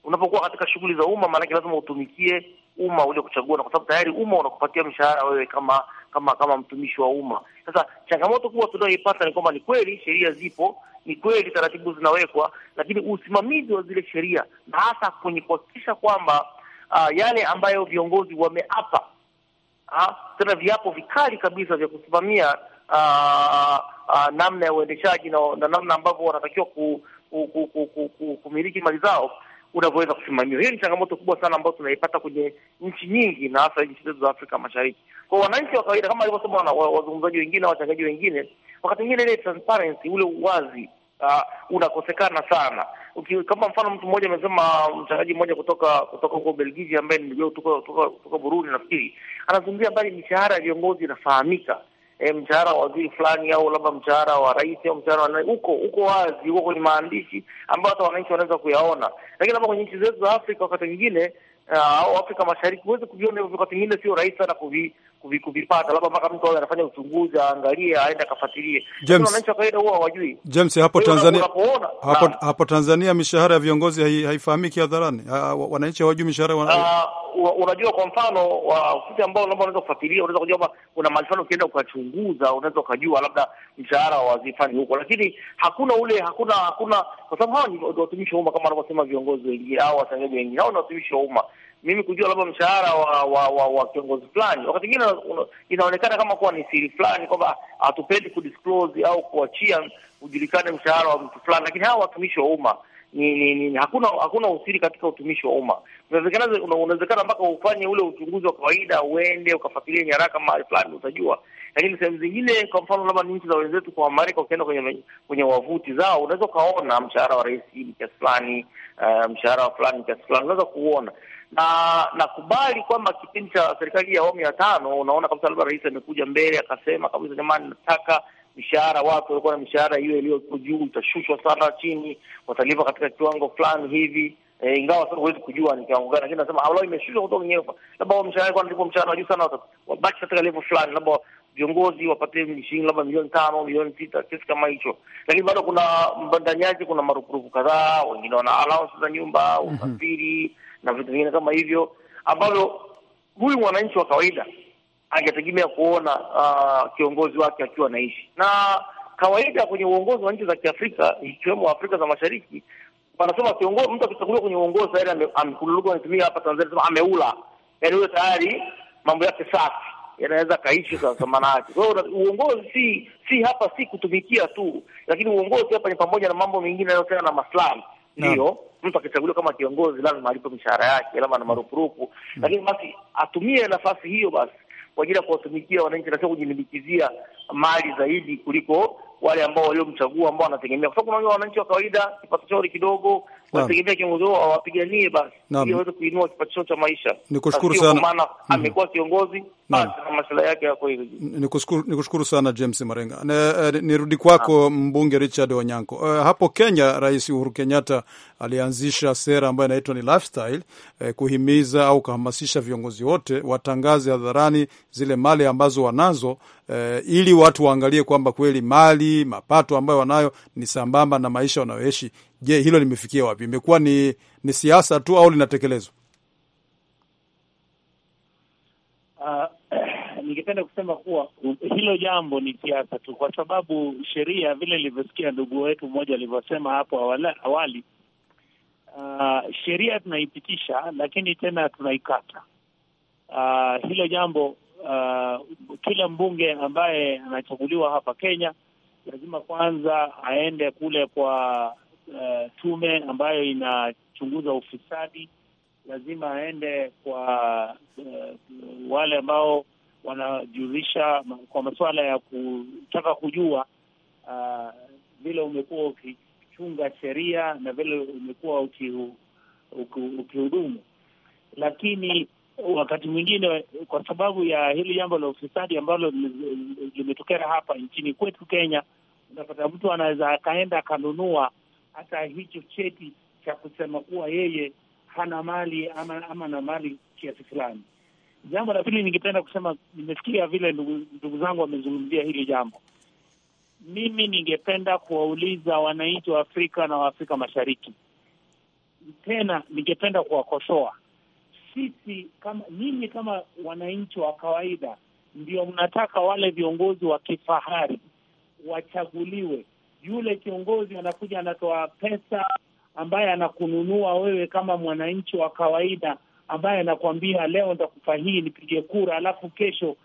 Unapokuwa katika shughuli za umma, maanake lazima utumikie umma uliokuchagua, na kwa sababu tayari umma unakupatia mshahara wewe kama kama kama mtumishi wa umma. Sasa changamoto kubwa tunayoipata ni kwamba ni kweli sheria zipo, ni kweli taratibu zinawekwa, lakini usimamizi wa zile sheria na hasa kwenye kuhakikisha kwamba uh, yale ambayo viongozi wameapa ah, tena viapo vikali kabisa vya kusimamia uh, uh, namna ya uendeshaji na, na namna ambavyo wanatakiwa ku, ku, ku, ku, ku, ku, kumiliki mali zao unavyoweza kusimamiwa. Hiyo ni changamoto kubwa sana ambayo tunaipata kwenye nchi nyingi na hasa nchi zetu za Afrika Mashariki. Kwa wananchi wa kawaida, kama alivyosema wazungumzaji wengine na wachangaji wengine, wakati mwingine ile transparency, ule uwazi uh, unakosekana sana. Uki, kama mfano mtu mmoja amesema, uh, mchangaji mmoja kutoka kutoka huko Belgiji ambaye ni kutoka kutoka, kutoka Burundi nafikiri anazungumzia habari mishahara ya viongozi inafahamika, e, mshahara wa waziri fulani au labda mshahara wa rais au mshahara wa nani, huko huko wazi, huko kwenye maandishi ambayo hata wananchi wanaweza kuyaona, lakini labda kwenye nchi zetu za Afrika wakati mwingine uh, au uh, Afrika Mashariki huwezi kuviona hivyo, wakati mwingine sio rahisi sana kuvipata, labda mpaka mtu anafanya uchunguzi, aangalie, aende akafuatilie. Wananchi wa kawaida huwa hawajui James. Hapo Tanzania, hapo hapo Tanzania mishahara ya viongozi haifahamiki hadharani, ah, wananchi hawajui mishahara wana... uh, Unajua, kwa mfano wa ofisi ambao labda unaweza kufuatilia, unaweza kujua kuna mahali fulani, ukienda ukachunguza, unaweza ukajua labda mshahara wa wazifani huko, lakini hakuna ule, hakuna hakuna, kwa sababu hawa ni watumishi wa umma, kama wanavyosema viongozi wengine au watangazaji wengine, hao ni watumishi wa umma mimi kujua labda mshahara wa wa, wa, wa kiongozi fulani, wakati mwingine inaonekana kama kuwa ni siri fulani kwamba hatupendi kudisclose au kuachia ujulikane mshahara wa mtu fulani, lakini hawa watumishi wa umma ni, ni, ni hakuna hakuna usiri katika utumishi wa umma. Unawezekana unawezekana mpaka ufanye ule uchunguzi wa kawaida, uende ukafuatilia nyaraka mahali fulani, utajua. Lakini sehemu zingine, kwa mfano labda nchi za wenzetu kwa Amerika, ukienda kwenye kwenye wavuti zao unaweza ukaona mshahara wa rais ni kiasi fulani, uh, mshahara wa fulani kiasi fulani, unaweza kuona na nakubali kwamba kipindi cha serikali ya awamu ya tano, unaona kabisa, labda rais amekuja mbele akasema kabisa, jamani, nataka mishahara watu walikuwa na mishahara hiyo iliyoko juu itashushwa sana chini, watalipa katika kiwango fulani hivi e, ingawa sasa huwezi kujua ni kiwango gani, lakini nasema angalau imeshushwa kutoka wenyewe, labda wao mshahara alikuwa analipwa mshahara wa juu sana, wabaki katika level fulani, labda viongozi wapate shilingi labda milioni tano milioni sita kesi kama hicho, lakini bado kuna mbandanyaji, kuna marupurupu kadhaa, wengine wana allowance za nyumba, mhm. usafiri mm -hmm na vitu vingine kama hivyo ambavyo huyu mwananchi wa kawaida angetegemea kuona uh, kiongozi wake akiwa naishi Na kawaida kwenye uongozi wa nchi za Kiafrika ikiwemo Afrika za Mashariki, wanasema kiongozi, mtu akichaguliwa kwenye uongozi tayari amekuluga, anatumia hapa Tanzania sema ameula, yaani huyo tayari mambo yake safi yanaweza kaishi sasa, maana yake. Kwa hiyo uongozi si si hapa si kutumikia tu, lakini uongozi hapa ni pamoja na mambo mengine yanayotokana na maslahi ndio mtu akichaguliwa kama kiongozi lazima alipe mishahara yake, lazima na marupurupu mm. Lakini basi atumie nafasi hiyo basi kwa ajili ya kuwatumikia wananchi na sio kujilimbikizia mali zaidi kuliko wale ambao waliomchagua ambao wanategemea, kwa sababu kuna wananchi wa kawaida kipato chao kidogo, wanategemea kiongozi wao awapiganie basi ili waweze kuinua kipato chao cha maisha. Nikushukuru sana, maana mm-hmm. amekuwa kiongozi Nikushukuru, nikushukuru sana James Marenga. Eh, nirudi kwako mbunge Richard Wanyanko. Uh, eh, hapo Kenya Rais Uhuru Kenyatta alianzisha sera ambayo inaitwa ni lifestyle, eh, kuhimiza au kuhamasisha viongozi wote watangaze hadharani zile mali ambazo wanazo eh, ili watu waangalie kwamba kweli mali mapato ambayo wanayo ni sambamba na maisha wanayoishi. Je, hilo limefikia wapi? Imekuwa ni, ni siasa tu au linatekelezwa? uh ningependa kusema kuwa hilo jambo ni siasa tu, kwa sababu sheria vile ilivyosikia ndugu wetu mmoja alivyosema hapo awala, awali uh, sheria tunaipitisha lakini tena tunaikata. Uh, hilo jambo uh, kila mbunge ambaye anachaguliwa hapa Kenya lazima kwanza aende kule kwa uh, tume ambayo inachunguza ufisadi lazima aende kwa uh, wale ambao wanajulisha kwa masuala ya kutaka kujua uh, vile umekuwa ukichunga sheria na vile umekuwa ukihudumu uki, uki, lakini wakati mwingine kwa sababu ya hili jambo la ufisadi ambalo limetokea hapa nchini kwetu Kenya, unapata mtu anaweza akaenda akanunua hata hicho cheti cha kusema kuwa yeye hana mali ama, ama na mali kiasi fulani. Jambo la pili, ningependa kusema nimesikia vile ndugu zangu wamezungumzia hili jambo. Mimi ningependa kuwauliza wananchi wa Afrika na wa Afrika Mashariki, tena ningependa kuwakosoa sisi kama nyinyi kama wananchi wa kawaida, ndio mnataka wale viongozi wa kifahari wachaguliwe. Yule kiongozi anakuja anatoa pesa, ambaye anakununua wewe kama mwananchi wa kawaida ambaye anakuambia leo nitakupa hii, nipige kura, alafu kesho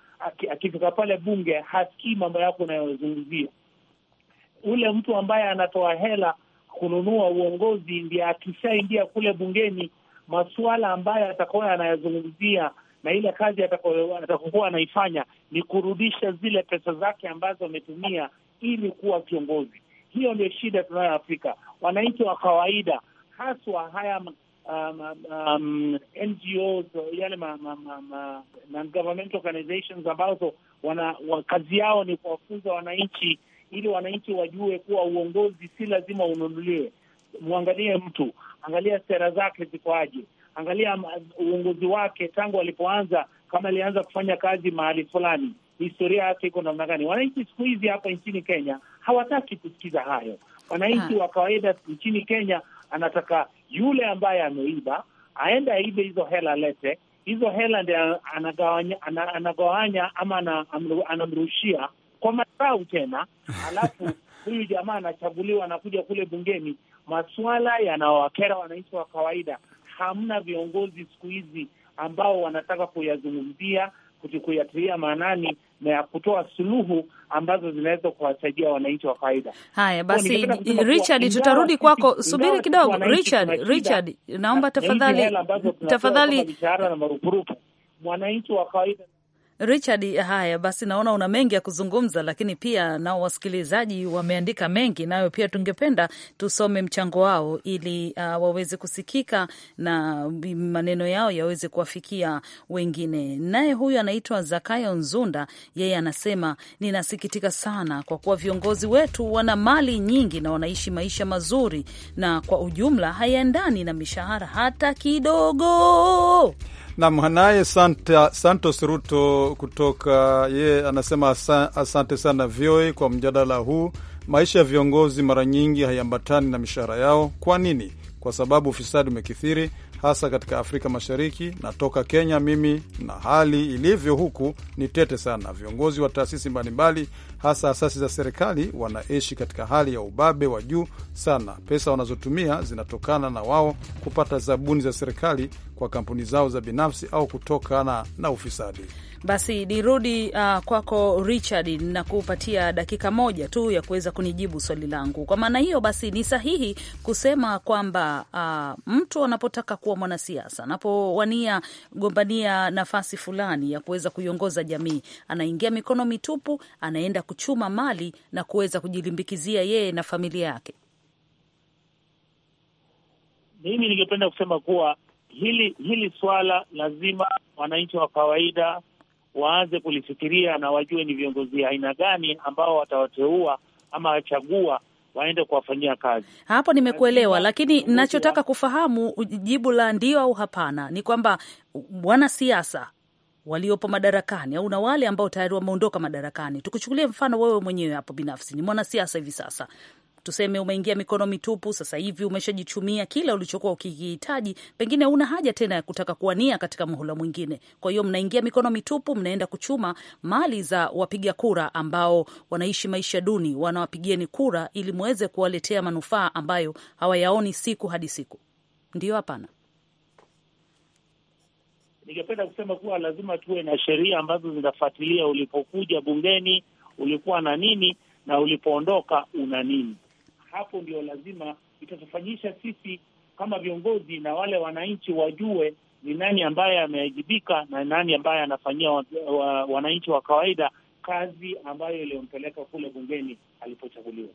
akifika pale bunge hasikii mambo yako unayozungumzia. Ule mtu ambaye anatoa hela kununua uongozi ndiye akishaingia kule bungeni, masuala ambayo atakuwa anayazungumzia na ile kazi atakokuwa anaifanya ni kurudisha zile pesa zake ambazo ametumia ili kuwa kiongozi Hiyo ndio shida tunayo Afrika. Wananchi wa kawaida haswa, haya um, um, um NGOs yale ma, ma, ma, ma, non-government organizations ambazo wana, kazi yao ni kuwafunza wananchi ili wananchi wajue kuwa uongozi si lazima ununuliwe. Mwangalie mtu, angalia sera zake zikoaje, angalia um, uongozi wake tangu alipoanza, kama alianza kufanya kazi mahali fulani, historia yake iko namna gani. Wananchi siku hizi hapa nchini Kenya hawataki kusikiza hayo. Wananchi ah. wa kawaida nchini Kenya anataka yule ambaye ameiba aende aibe hizo hela, lete hizo hela, ndi anagawanya, anagawanya ama anamrushia kwa madharau tena. Alafu huyu jamaa anachaguliwa, anakuja kule bungeni, maswala yanawakera wananchi wa kawaida. Hamna viongozi siku hizi ambao wanataka kuyazungumzia kuyatilia maanani na ya kutoa suluhu ambazo zinaweza kuwasaidia wananchi wa kawaida. Haya basi, Richard, tutarudi kwako, subiri kidogo. Richard, Richard, naomba tafadhali, tafadhali, mwananchi wa kawaida Richard, haya basi, naona una mengi ya kuzungumza, lakini pia nao wasikilizaji wameandika mengi, nayo pia tungependa tusome mchango wao ili uh, waweze kusikika na maneno yao yaweze kuwafikia wengine. Naye huyu anaitwa Zakayo Nzunda, yeye anasema ninasikitika sana kwa kuwa viongozi wetu wana mali nyingi na wanaishi maisha mazuri, na kwa ujumla hayaendani na mishahara hata kidogo. Nam naye Santa, Santos Ruto kutoka ye anasema asante sana VOA kwa mjadala huu. Maisha ya viongozi mara nyingi haiambatani na mishahara yao. Kwa nini? Kwa sababu ufisadi umekithiri hasa katika Afrika Mashariki. Natoka Kenya mimi, na hali ilivyo huku ni tete sana. Viongozi wa taasisi mbalimbali, hasa asasi za serikali, wanaishi katika hali ya ubabe wa juu sana. Pesa wanazotumia zinatokana na wao kupata zabuni za serikali kwa kampuni zao za binafsi au kutokana na ufisadi. Basi nirudi uh, kwako Richard, nakupatia dakika moja tu ya kuweza kunijibu swali langu. Kwa maana hiyo basi, ni sahihi kusema kwamba uh, mtu anapotaka kuwa mwanasiasa, anapowania gombania nafasi fulani ya kuweza kuiongoza jamii, anaingia mikono mitupu, anaenda kuchuma mali na kuweza kujilimbikizia yeye na familia yake. Mimi ningependa kusema kuwa hili hili swala lazima wananchi wa kawaida waanze kulifikiria na wajue ni viongozi aina gani ambao watawateua ama wachagua waende kuwafanyia kazi. Hapo nimekuelewa, lakini nachotaka kufahamu jibu la ndio au hapana ni kwamba wanasiasa waliopo madarakani au na wale ambao tayari wameondoka madarakani, tukuchukulia mfano wewe mwenyewe hapo binafsi, ni mwanasiasa hivi sasa, tuseme umeingia mikono mitupu, sasa hivi umeshajichumia kila ulichokuwa ukihitaji, pengine una haja tena ya kutaka kuwania katika muhula mwingine. Kwa hiyo mnaingia mikono mitupu, mnaenda kuchuma mali za wapiga kura ambao wanaishi maisha duni, wanawapigieni kura ili mweze kuwaletea manufaa ambayo hawayaoni siku hadi siku. Ndiyo? Hapana. Ningependa kusema kuwa lazima tuwe na sheria ambazo zinafuatilia ulipokuja bungeni ulikuwa na nini na ulipoondoka una nini hapo ndio lazima itatufanyisha sisi kama viongozi na wale wananchi wajue ni nani ambaye ameajibika na nani ambaye anafanyia wa, wa, wananchi wa kawaida kazi ambayo iliyompeleka kule bungeni alipochaguliwa.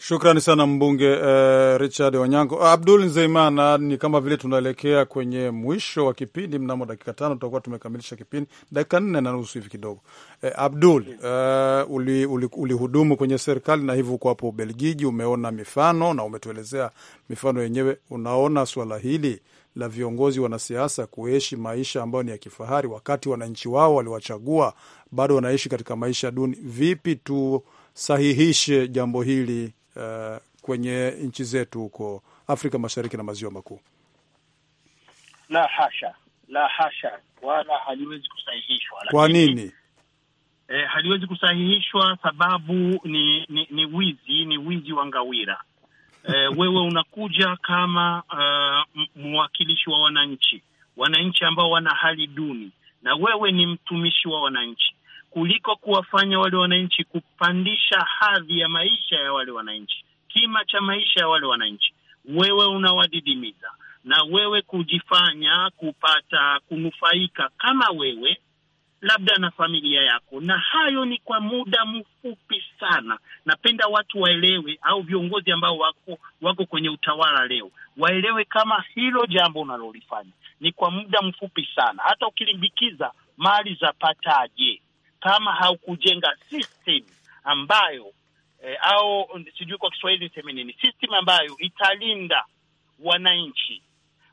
Shukrani sana mbunge uh, Richard Onyango. Ah, Abdul Nzeimana, ni kama vile tunaelekea kwenye mwisho wa kipindi. Mnamo dakika tano tutakuwa tumekamilisha kipindi, dakika nne na nusu hivi kidogo. Uh, Abdul, uh, eh, ulihudumu uli, uli kwenye serikali na hivyo uko hapo Ubelgiji, umeona mifano na umetuelezea mifano yenyewe. Unaona swala hili la viongozi wanasiasa kuishi maisha ambayo ni ya kifahari, wakati wananchi wao waliwachagua, bado wanaishi katika maisha duni. Vipi tusahihishe jambo hili? Eh, kwenye nchi zetu huko Afrika Mashariki na Maziwa Makuu? La hasha, la hasha, wala haliwezi kusahihishwa. Kwa nini? Eh, haliwezi kusahihishwa sababu ni, ni, ni wizi, ni wizi wa ngawira. Eh, wewe unakuja kama uh, mwakilishi wa wananchi, wananchi ambao wana hali duni, na wewe ni mtumishi wa wananchi kuliko kuwafanya wale wananchi kupandisha hadhi ya maisha ya wale wananchi, kima cha maisha ya wale wananchi. Wewe unawadidimiza na wewe kujifanya kupata kunufaika kama wewe labda na familia yako, na hayo ni kwa muda mfupi sana. Napenda watu waelewe, au viongozi ambao wako wako kwenye utawala leo waelewe kama hilo jambo unalolifanya ni kwa muda mfupi sana. Hata ukilimbikiza mali zapataje? kama haukujenga system ambayo eh, au sijui kwa Kiswahili niseme nini, system ambayo italinda wananchi,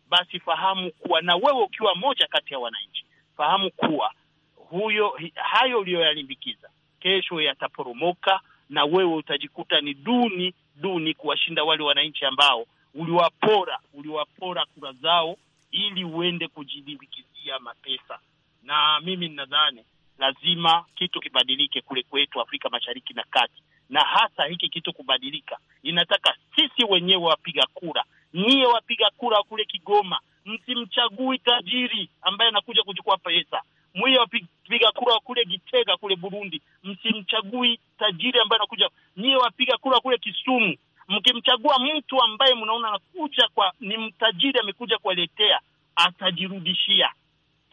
basi fahamu kuwa na wewe ukiwa moja kati ya wananchi, fahamu kuwa huyo hayo uliyoyalimbikiza kesho yataporomoka na wewe utajikuta ni duni duni kuwashinda wale wananchi ambao uliwapora uliwapora kura zao ili uende kujilimbikizia mapesa. Na mimi ninadhani lazima kitu kibadilike kule kwetu Afrika Mashariki na Kati, na hasa hiki kitu kubadilika, inataka sisi wenyewe wapiga kura. Nyie wapiga kura kule Kigoma, msimchagui tajiri ambaye anakuja kuchukua pesa. Mwiye wapiga kura wa kule Gitega kule Burundi, msimchagui tajiri ambaye anakuja. Nyie wapiga kura kule Kisumu, mkimchagua mtu ambaye mnaona anakuja kwa ni mtajiri, amekuja kuwaletea, atajirudishia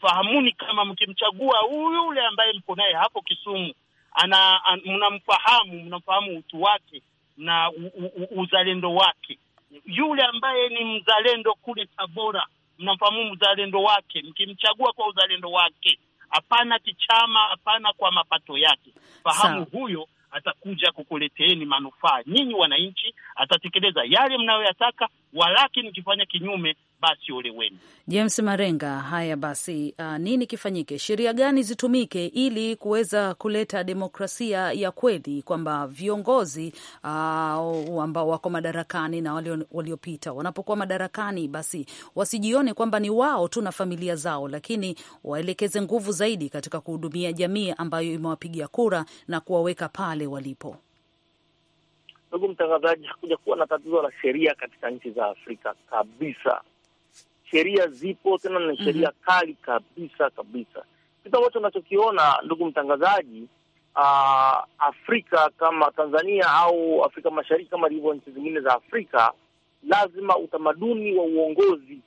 fahamuni kama mkimchagua huyu yule ambaye mko naye hapo Kisumu ana, an, mnamfahamu mnamfahamu utu wake na u, u, uzalendo wake. Yule ambaye ni mzalendo kule Tabora mnamfahamu mzalendo wake, mkimchagua kwa uzalendo wake, hapana kichama, hapana kwa mapato yake. Fahamu Sao. huyo atakuja kukuleteeni manufaa nyinyi wananchi, atatekeleza yale mnayoyataka, walakini nikifanya kinyume basi wenu. James Marenga, haya basi, uh, nini kifanyike? Sheria gani zitumike ili kuweza kuleta demokrasia ya kweli, kwamba viongozi uh, ambao wako madarakani na waliopita wanapokuwa madarakani, basi wasijione kwamba ni wao tu na familia zao, lakini waelekeze nguvu zaidi katika kuhudumia jamii ambayo imewapigia kura na kuwaweka pale walipo. Ndugu mtangazaji, hakuja kuwa na tatizo la sheria katika nchi za Afrika kabisa sheria zipo tena na mhm. sheria mm -hmm. kali kabisa kabisa. Kitu ambacho unachokiona ndugu mtangazaji, uh, Afrika kama Tanzania au Afrika Mashariki kama ilivyo nchi zingine za Afrika, lazima utamaduni wa uongozi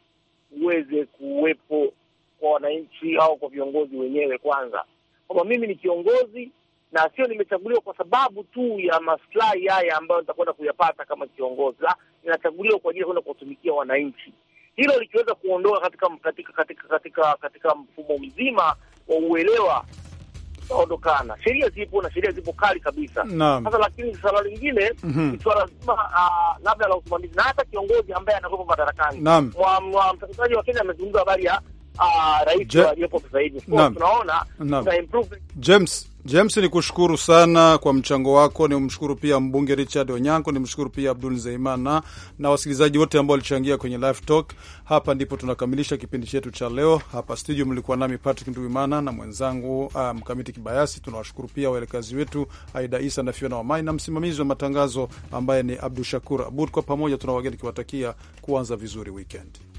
uweze kuwepo kwa wananchi au kwa viongozi wenyewe kwanza, kwamba mimi ni kiongozi na sio nimechaguliwa kwa sababu tu ya maslahi haya ambayo nitakwenda kuyapata kama kiongozi, la ah, ninachaguliwa kwa ajili ya kwenda kuwatumikia wananchi hilo likiweza kuondoa katika katika katika katika katika mfumo mzima wa uelewa taondokana. Sheria zipo na sheria zipo kali kabisa sasa, lakini swala lingine mm -hmm. ni swala zima uh, labda la usimamizi na hata kiongozi ambaye anakuwepo madarakani. Mtangazaji wa Kenya amezungumza habari ya uh, sasa hivi tunaona James James, ni kushukuru sana kwa mchango wako. Ni mshukuru pia mbunge Richard Onyanko, ni mshukuru pia Abdul Zeimana na wasikilizaji wote ambao walichangia kwenye live talk. Hapa ndipo tunakamilisha kipindi chetu cha leo. Hapa studio mlikuwa nami Patrick Nduimana na mwenzangu ah, Mkamiti um, Kibayasi. Tunawashukuru pia waelekezi wetu Aida Isa na Fiona Wamai na msimamizi wa matangazo ambaye ni Abdu Shakur Abud. Kwa pamoja tunawageni kiwatakia kuanza vizuri weekend.